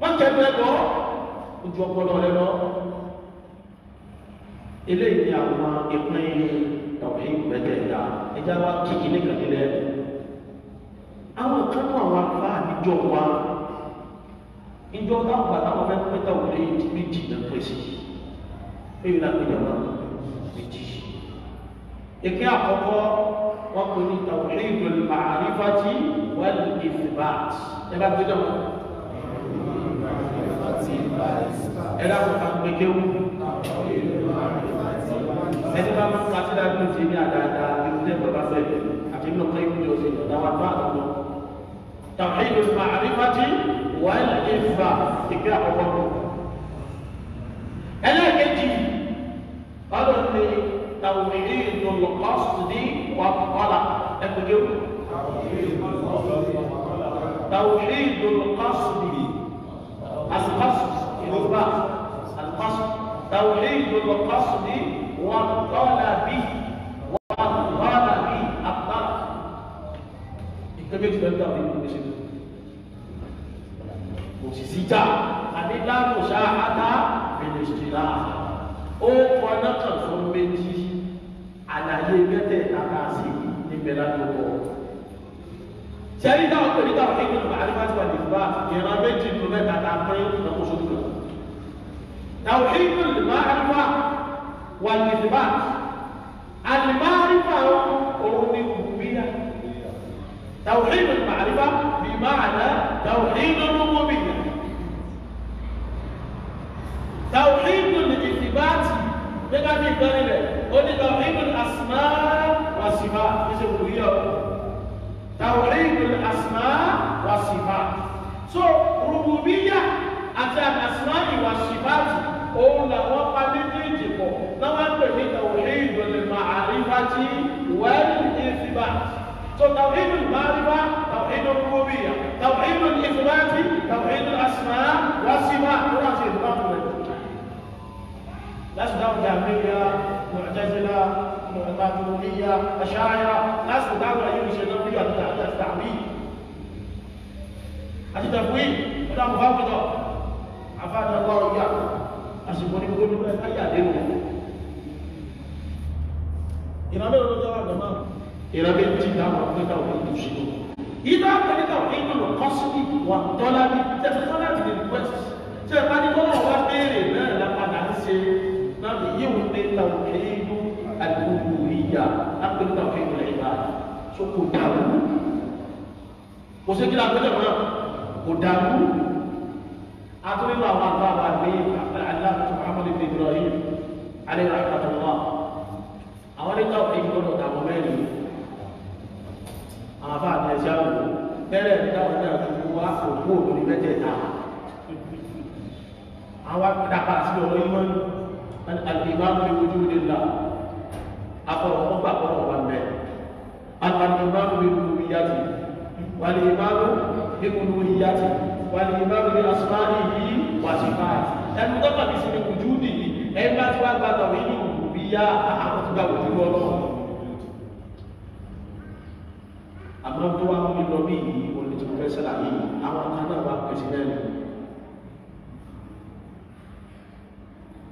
wọ́n kẹ́nu ẹ lọ ojú ọpọlọ rẹ lọ eléyìí ni àwọn ìpín tọ̀hí mẹ́tẹ̀ẹ̀ta ẹja wa kíkì ní kàdílẹ̀ àwọn kan náà wà fà níjọ wa ìjọ táwọn bàtà wọn fẹ́ pẹ́tà wọlé méjì náà pèsè èyí náà pèjọ náà méjì ìpín àkọ́kọ́ wọ́n pè ní tawhidul ma'rifati wal ithbat ẹ bá gbé dọ̀wọ́. ẹ dákun ká pé kéwù. ẹni bá mú kásídà tó ti ní àdáadáa ìdílé bàbá bẹ́ẹ̀ àti nínú kọ́ ìpínlẹ̀ ọ̀sẹ̀ ìdáwà tó àdàbọ̀. tawhidul ma'rifati wal ithbat ìpín àkọ́kọ́. ẹlẹ́yìn. توحيد القصد دي والطلب تفكروا إيه توحيد القصد القصد القصد توحيد القصد والطلب والطلب الطلب اكتبت بالطلب بالنسبه kusisita àti láàmú sáà á dá fèrèsì láà ó kọ náà kan fún méjì àlàyé mẹ́tẹ̀ẹ̀ta tá a sì níbẹ̀ ládùúgbò. sẹ́yìn táwọn pèmí táwọn kékeré nípa àríwájú àti ìfúbá ìran méjì nínú mẹ́ta tá a pín ìrànwọ́sọ tó lọ. táwọn kékeré nípa àríwá wà ní ìfúbá àlìmá àríwá òun ni òwúwíyà. táwọn kékeré nípa àríwá bí máa dá táwọn kékeré lọ́wọ́ bìyà. توحيد الإثبات gẹ́gẹ́ bí ìkànnì rẹ̀ ó ní lọ ibùn asmá wà sífà ìṣe kò yíyọ tàwọ̀rí ibùn asmá wà sífà so rúbùbíyà àti àmàsímá ìwà sífà tì òun làwọn pa méjèèjì pọ̀ náà wọ́n pè ní tàwọ̀rí ibùn màálífà tì wẹ́ẹ̀lì ìfìbà so tàwọ̀rí ibùn màálífà tàwọ̀rí ibùn rúbùbíyà tàwọ̀rí ibùn ìfìbà tì tàwọ̀rí ibùn asmá. lásìkò táwọn jàmíyà mọ̀tẹ́sílá mọ̀tàkùnmíyà aṣááyà lásìkò táwọn ayé ìṣẹ́ náà fíyà àtàtàwí àti tàbí ọ̀dà mọ̀ fáwọ́tọ̀ àfáàdà lọ́rọ̀ yà àsìkò ní gbogbo nígbà táyà lérò ìrànlẹ́ olójọ́ wà lọ́mọ́ ìrànlẹ́ tí dáwọn akẹ́kọ̀ọ́ wọn tó ṣe ìdá akẹ́kọ̀ọ́ ìgbìmọ̀ kọ́sìkì wà tọ́lá ní tẹ̀sán láti lè pẹ́sì tẹ̀ bá ní kọ́lọ̀ wá béèrè tawhid al-uluhiyya lápẹ́ tawhid al-ibad so kò dàrú kò sí kí lápẹ́ tẹ̀wọ́n kò dàrú atúnilọ àwọn àgbà wà ní aláàbò muhammadu ibrahim alayhi rahmatullah àwọn ní tawhid gbọdọ̀ tàbọ̀ mẹ́rin àwọn afá àti ẹ̀sẹ̀ àwọn bẹ́rẹ̀ ní táwọn náà tó wá òkú òkú الإيمان بوجود الله أقرأ أقرأ أقرأ أقرأ الإيمان بربوبيته والإيمان بألوهيته والإيمان بأسمائه وصفاته ẹnu tó kàbí sí ni ojú nìyí ẹni bá ti wá gba tọ̀wé ní òbí yá àwọn tó gba ojú ọlọ́run àmọ́ tó wá mú mi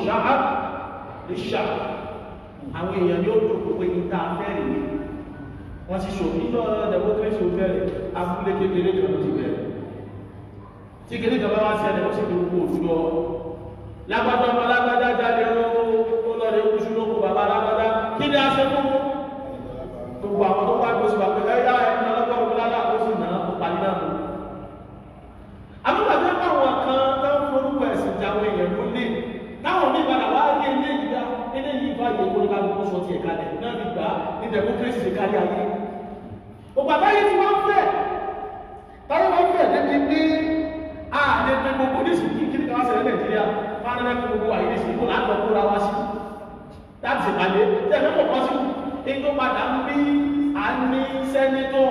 الشعب للشعب àwọn èèyàn yóò dòkó pé ní táa fẹ́rẹ̀ ní wọ́n ti ṣòfin náà democracy bẹ̀rẹ̀ abúlé kékeré kan ti bẹ̀rẹ̀ tí kékeré kan bá wá sí ẹni wọ́n sì fi òfin lọ lágbàdàgbà democracy ṣe kárí ayé ògbà báyìí tí wọ́n fẹ́ táyé wọ́n fẹ́ débi pé ààrẹ pé gbogbo oníṣìí kí kíni káwá ṣẹlẹ̀ nàìjíríà máa ń rẹ́pẹ́ gbogbo àyè sí kó láti ọkọ ra wá sí láti ṣèpàdé tí ẹ̀fẹ́ pọ̀ pọ̀ sí ètò padà ń bí a ní sẹ́nitọ̀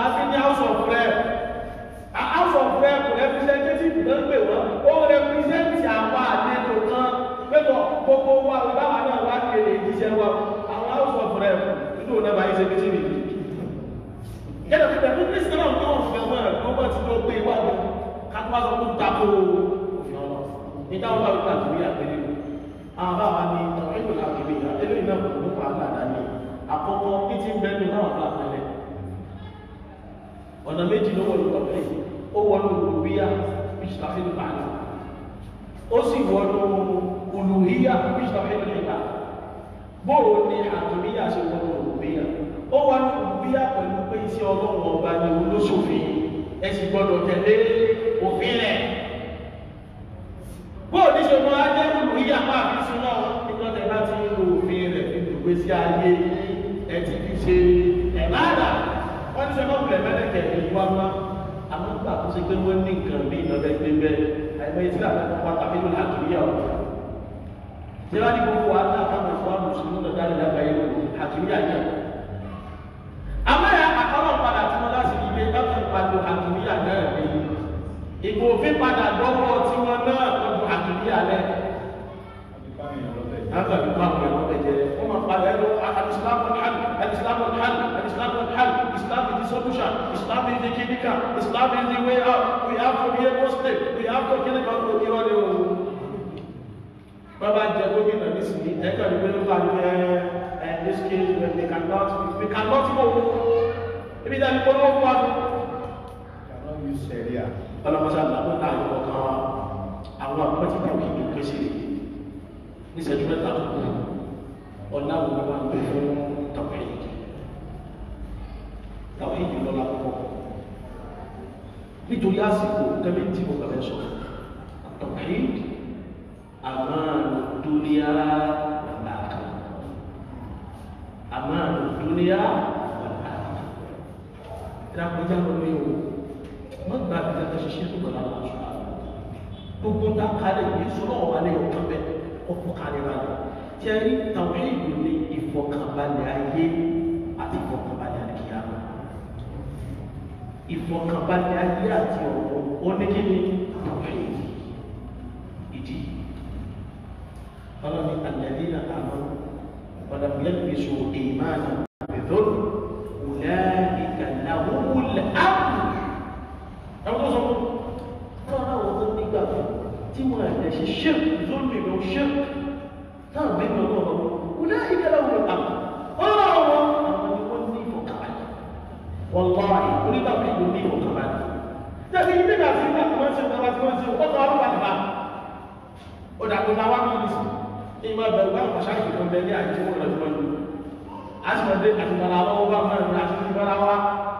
àti ní house of rep house of rep representative ló ń pè wọ́n ó represent àwọn àlejò kan pẹ̀lú gbogbo wa ìbáwá náà wá kéde ìdíṣẹ́ wa rẹ̀ nínú ọ̀nà bá ìṣe méjì nìyí yẹ́nà pípẹ́ fún kristi náà ní òfin ọmọ rẹ̀ kí wọ́n ti lọ gbé wá ní kápá sọ fún tako òfin ọmọ níta wọn bá wí pàtó ní àgbélé mi àbá wa ni ọ̀rọ̀ ìlú àgbègbè yà eléyìí náà kò nípa àgbàdá ni àkọ́kọ́ bí ti ń bẹ́ mi bóòrò ni àtòmíyà ṣe wọ́n ní òbíyà ó wá ní òbíyà pẹ̀lú pé iṣẹ́ ọlọ́run ọba ni olóṣòfin ẹ sì gbọ́dọ̀ tẹ̀lé òfin rẹ̀ bóòrò ní ṣe wọ́n á jẹ́ òbíyà máa fi sún náà nígbà tẹ bá ti ń lo òfin rẹ̀ nínú ìgbésí ayé ẹ ti fi ṣe ẹ̀láàdà wọ́n ti ṣe mọ́ bùrẹ̀ mẹ́lẹ̀kẹ̀ ní wá wá àmọ́ nígbà tó ṣe pé wọ́n ní nǹkan bí ìnàbẹ́ gbé bẹ́ẹ̀ àìmọ́ ìtìlá àtàkùn pátá mílíọ̀nù àtòmíyà ọ̀rọ̀ mùsùlùmí náà dáadáa lágbàáyé lónìí hàkìmíyà ní ẹ̀kọ́. amáyà àkọ́rọ̀ padà tún láti rí pé dábàá ìpàdé hàkìmíyà náà lè ìbò òfin padà dọ́wọ́ tiwọn náà lọ́dún hàkìmíyà lẹ̀. àgbàdo pàmò ẹ̀rọ bẹ̀ jẹ́ wọ́n máa padà ẹ̀rọ alìsílámù hàn Islam hàn Islam hàn Islam is Islam solution Islam is Islam key Islam Islam Islam Islam Islam Islam Islam Islam Islam Islam Islam is Islam way Islam we Islam to Islam a Islam we Islam to Islam it bàbá jẹ gómìnà nísìnyí ẹ̀ka ìwé ló bá ní ẹ this case when they cannot we cannot go ebi dàbí kó ló wà ní. cannot use sẹ̀ríà. ọlọ́mọṣá làwọn náà yọ ọ̀kan wa àwọn àpótí kan kì í ló pèsè níṣẹ́jú mẹ́ta tó kù ọ̀nà àwọn ọmọ àgbẹ̀ fún tàwọn èyí tàwọn èyí lọ́la púpọ̀ nítorí àsìkò kẹ́mí tí mo bẹ̀rẹ̀ sọ tàwọn èyí amanu dunia wal akhirah. Amanu dunia wal akhirah. Dákun jáwọ́ mi o, wọ́n gba àbíkà tó ṣiṣẹ́ tó gbọ́dọ̀ àwọn aṣọ àwọn. Gbogbo ń ta kálẹ̀ yìí sọ́nà ọ̀wá ní ọ̀kan bẹ́ẹ̀ ọ̀pọ̀ kálẹ̀ rà lọ. Tí a rí tàwíìdù ní ìfọkànbalẹ̀ ayé àti ìfọkànbalẹ̀ àkíyà. Ìfọkànbalẹ̀ ayé àti ọ̀pọ̀ oníkíní فلم الذين امنوا ولم يلبسوا ايمانا بظلم اولئك لهم الامر تيمو عندنا شي شرك ظلمي بهم شرك كان اولئك لهم الامر الله يقول والله كل ما في الدنيا وكمان تبي Ima ìmọ̀ bẹ̀rù bá àwọn ṣáàkì kan bẹ ní àyíkí wọn lọ́jọ́ lọ́jọ́ àtìmọ̀dé àtìmọ̀lá wọn ó bá mẹ́rin àti ìbára wa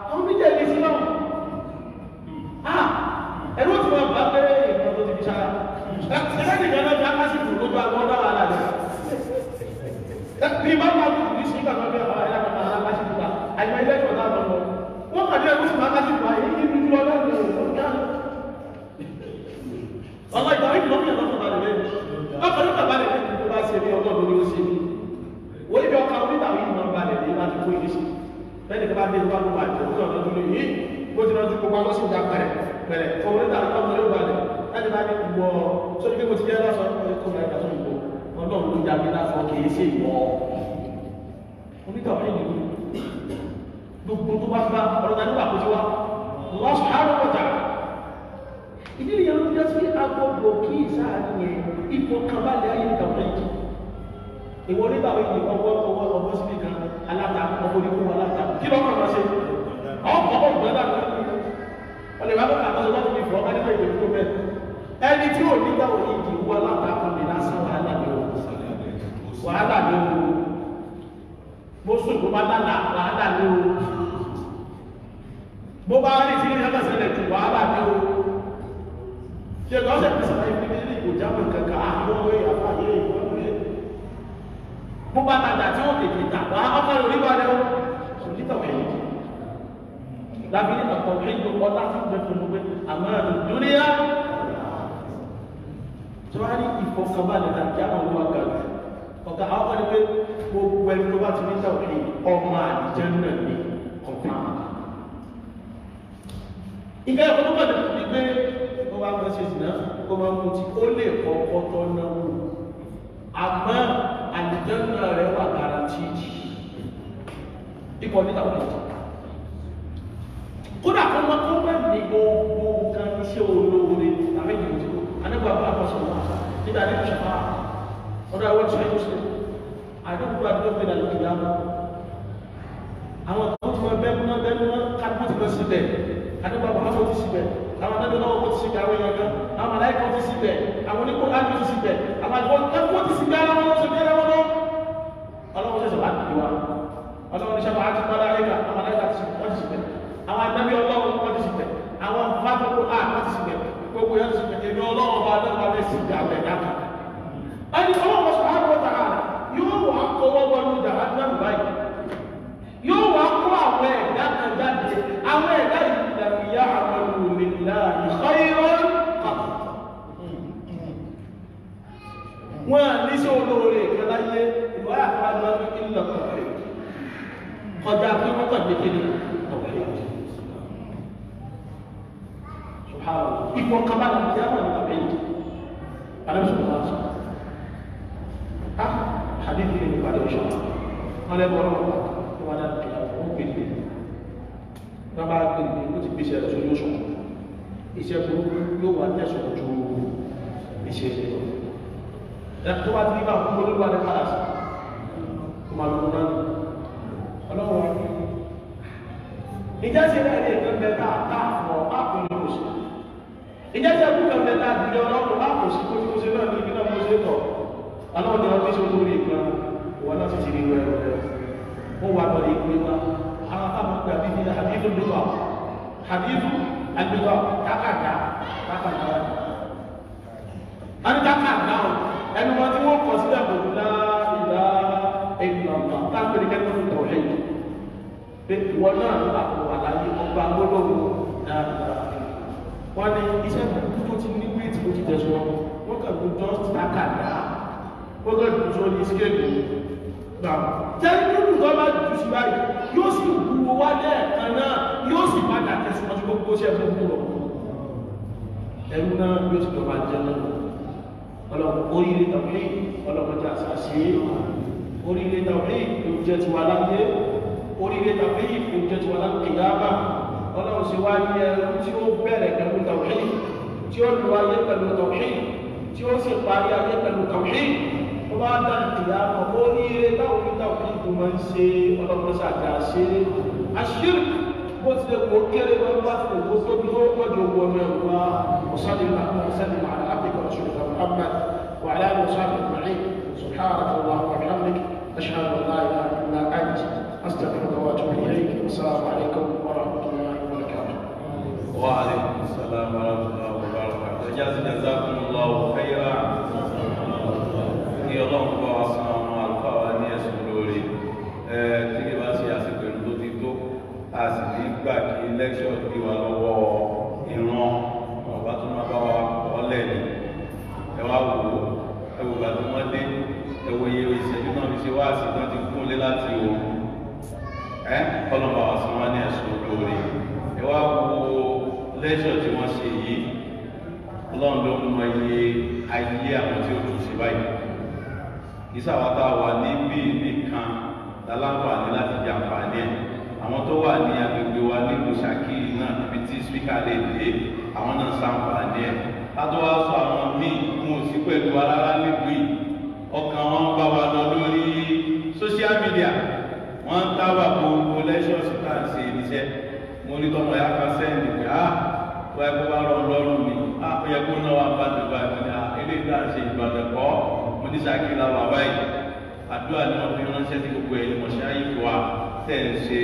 àwọn méjèèjì sí náà a ẹ̀rú ti wọn bá pé ìmọ̀ tó ti fi ṣára ẹ̀rẹ́ nìkan náà bí a bá sì dùn lójú àwọn ọ̀dọ́ àlàyé gbogbo ìdí sí lẹ́yìn tó bá dé ìwà lóun àjẹ òun náà lójú yìí bó ti lọ́jú gbogbo alọ́sìn ìjà pẹ̀rẹ̀ pẹ̀rẹ̀ fọwọ́n nígbà tó ń lọ́wọ́ balẹ̀ láti bá ní ìwọ sórí pé mo ti jẹ́ lọ́sọ̀ tó ń lọ́wọ́ ìwọ ọlọ́run ló ya mi lásán kìí ṣe ìwọ. onítàwọn ènìyàn gbogbo tó bá bá ọlọ́dà nígbà kó ti wá wọ́n sọ àrùn ọ̀tà ìdí nìyẹn ló jẹ́ sí agbọ́gbọ̀ kí ìsáàdì yẹn ìfọkànbalẹ̀ ayé ìtàwọn ènìyàn ìwọ nígbà alátakò ọkùnrin kú alátakò kí lọ́kàn wá sí ọkọ̀ ọ̀gbọ́n náà ọ̀lẹ̀ bá bàbá àtọ́sọ́ láti fi fọ́ ọ́n nípa ìdè kúrò bẹ́ẹ̀ ẹni tí ò ní gbàwọ̀ yìí kì í wú alátakò mi lásán wàhálà mi ò wàhálà mi ò mo sùn tó bá dàgbà wàhálà mi ò bó bá rí sí ilé ẹgbẹ̀sẹ̀lẹ̀ jù wàhálà mi ò ṣe lọ́sẹ̀ pẹ̀sẹ̀ láì fi ní ìgbòjáwé kankan àwọn ọmọ ìyàwó ayé ìwọ́n bó bá tajà tí wọ́n tètè tà wá ọkọ̀ lórí balẹ̀ o kò ní tọ̀wé yìí. Lábí ọ̀pọ̀ ìlú ọlá fún mi fún mi pé àmọ́ ìdúnyá. Tíwárí ìfọkànbalẹ̀ àti àwọn olúwa ga jù. Ọ̀gá àwọn ọ̀pọ̀ ni pé gbogbo ẹni tó bá ti ní tọ̀wé yìí ọmọ àdìjẹ́ náà ní ọ̀pá. Ìgbà ìfọdúnmọ̀ ni pé ó bá ń bọ́ ṣe ìsìn náà kó máa ń mutí ó lè kọ́ ọkọ́ tó náwó àmọ́ àlùjànnà rẹ̀ wà garantíìdì ikọ̀ níta wọ́n lè jẹ́ kódà kó má kó má ní gbogbo nǹkan iṣẹ́ olóore tàbí ìyẹn òjò anágbà bá bá sọ̀rọ̀ wọn nígbà ní ìṣẹ̀fà ọ̀dọ̀ àwọn ìṣẹ̀fà yóò ṣe àdókòwò àdókòwò ìlànà ìlànà ìlànà àwọn tó ti wọn bẹ́ẹ̀ múná bẹ́ẹ̀ múná kápẹ́ ti lọ síbẹ̀ àdókòwò àbámọ́sọ ti síbẹ̀ àwọn adájọ́ náà wọ́n ti síbẹ̀ àwọn èèyàn kan àwọn aláìkọ́ ti síbẹ̀ àwọn oníkó láti ti síbẹ̀ àwọn àgbọn ẹ̀kọ́ ti síbẹ̀ ara wọn lọ́sọ̀ bí ara wọn lọ́ ọlọ́wọ́ sẹ̀sẹ̀ wá kí wa. just test wọn wọ́n kàn tó just lákàdá wọ́n kàn tó sọ ní to go. tẹ́lẹ̀ tó dùn tó bá jù sí báyìí yóò sì wúwo wá lẹ́ẹ̀kan náà yóò sì padà tẹ̀síwájú gbogbo ṣẹ́ fún fún lọ ẹ̀rú náà yóò sì lọ́ba jẹ́ náà ọlọ́run oríire tàwí ọlọ́run jẹ́ àṣàṣe oríire tàwí yóò jẹ́ tiwa láyé oríire tàwí yóò jẹ́ tiwa láyé ìyá bá ọlọ́run ṣe wá ní ẹrú tí ó bẹ̀rẹ̀ pẹ̀lú tàwí tí ó lu ayé pẹ̀lú tọ̀hìn tí ó sì parí ayé pẹ̀lú tọ̀hìn ó bá dá ìyá ọmọ ó ní eré táwọn onítọ̀hìn tó máa ń ṣe ọlọ́mọṣà àti àṣẹ àṣírí bó tilẹ̀ kó kéré wọn bá tilẹ̀ kó tóbi tó pọ̀jù wọn ní ọ̀gbà ọ̀sánì ọ̀sánì àti áfíríkà ọ̀ṣun ọ̀hánmà وعلى اله وصحبه اجمعين سبحانك اللهم وبحمدك اشهد ان لا اله الا انت استغفرك واتوب اليك والسلام عليكم ورحمه الله وبركاته وعليكم السلام ورحمه الله jaza jazakumullahu khayra kí ọlọ́run bá wa san ọmọ àlùfáà wa ní ẹ̀sùn lórí ẹ tí kì bá ṣe àsìkò ìlú tó ti tó a sì ní gbà kí lẹ́kṣọ̀ bí wa lọ́wọ́ ìran ọba tó máa bá wa ọlẹ̀ ni ẹ wá wò ó ẹ wò bá tó máa dé ẹ wo iye ìṣẹ́jú náà fi ṣe wá àsìkò ti kúnlé láti òun ẹ kọ́lọ́mọ àwọn sanwó-án ní ẹ̀sùn lórí ẹ wá wo lẹ́kṣọ̀ tí wọ́n ṣe yìí ọlọ́run ló mọ iye ayé àwọn tí ó tún ṣe báyìí kì í tá a wà níbí nìkan láláǹfààní láti jẹ àǹfààní ẹ̀ àwọn tó wà ní agbègbè wa nílùú Ṣakí náà níbi tí spíkà lè dé àwọn náà ṣàǹfààní ẹ̀ látọ́ wá sọ àwọn míì wọn ò sí pẹ̀lú arára nílùú yìí ọkàn wọn bá wa lọ lórí social media wọn ń tábà gbogbo lẹ́ṣọ̀ọ̀sì tá à ń ṣe níṣẹ́ mo ní tọmọ ya kan sẹ́yìn nígbà wọ́n ẹ kó bá rọ mi a ó yẹ kó náwó àbájọ báyìí wọ́n ní a eléyìí náà ṣe ìbàdàn kọ́ mo ní sàkí la wà báyìí àdúrà ni wọ́n fi ránṣẹ́ sí gbogbo ẹ̀yin mọ̀ṣẹ́ ayé wa tẹ̀ ń ṣe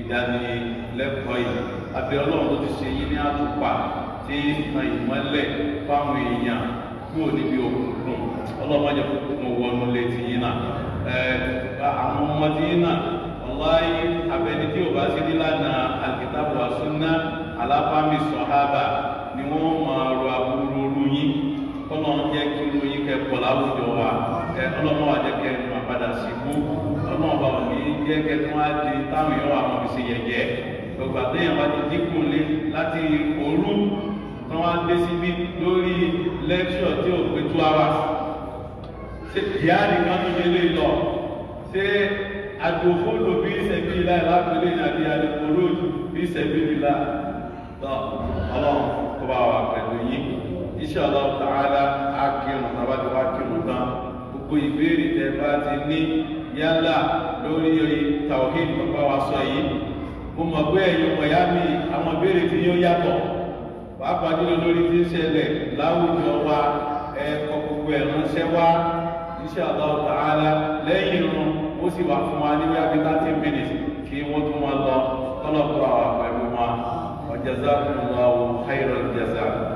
ìdánilẹ́kọ̀ọ́ yìí àbí ọlọ́run tó ti ṣe yín ní àtùpà tí ìmọ̀ ìmọ̀lẹ̀ fáwọn èèyàn kúrò níbi òkùnkùn ọlọ́run má jẹ́ kókùnkùn wọnú létí yín náà àwọn ọmọ tí yín náà wàláyé abẹni tí ò bá sí nílànà àkìtàbọ̀ àsúná alábàámi sọ̀hábà ni wọ́n máa rọ àbúrò orú yín kọ́nà ń jẹ́ kí wọ́n yín kẹ́ pọ̀ láwùjọ wa ẹ ọlọ́mọ wa jẹ́ kẹ́ ẹ máa padà sí kú ọlọ́mọ wa ò ní jẹ́ kẹ́ tí wọ́n á di táwọn èèyàn wà máa fi ṣe yẹ̀yẹ́ gbogbo àtẹ̀yìn wa ti dínkù lé láti òru tí wọ́n á dé síbí lórí lẹ́kṣọ̀ tí ò pé tú ara ṣe ìyá nìkan tó lé lé lọ ṣé àdòfóònù bí ìṣẹ̀bí ìlà ìlà àpèlé ìrìnàjò àdìpọ̀ road bí ìṣẹ̀bí ìlà ọlọ́run bá wa pẹ̀lú yín inshallah ta'ala akírun abájọ wa kírun tán gbogbo ìbéèrè tẹ bá ti ní yálà lórí tawhid bàbá wa sọ yìí mo mọ̀ pé ẹ̀yin ọmọ ìyá mi àwọn ìbéèrè tí yóò yàtọ̀ pàápàá jùlọ lórí tí ń ṣẹlẹ̀ láwùjọ wa ẹ̀kọ́ gbogbo ẹ̀ránṣẹ́ wa inshallah ta'ala lẹ́yìn irun ó sì wà fún wa níbi abí thirty minutes kí wọ́n tún wọn lọ tọ́lọ̀ kọ́ àwọn àgbẹ̀. جزاكم الله خير الجزاء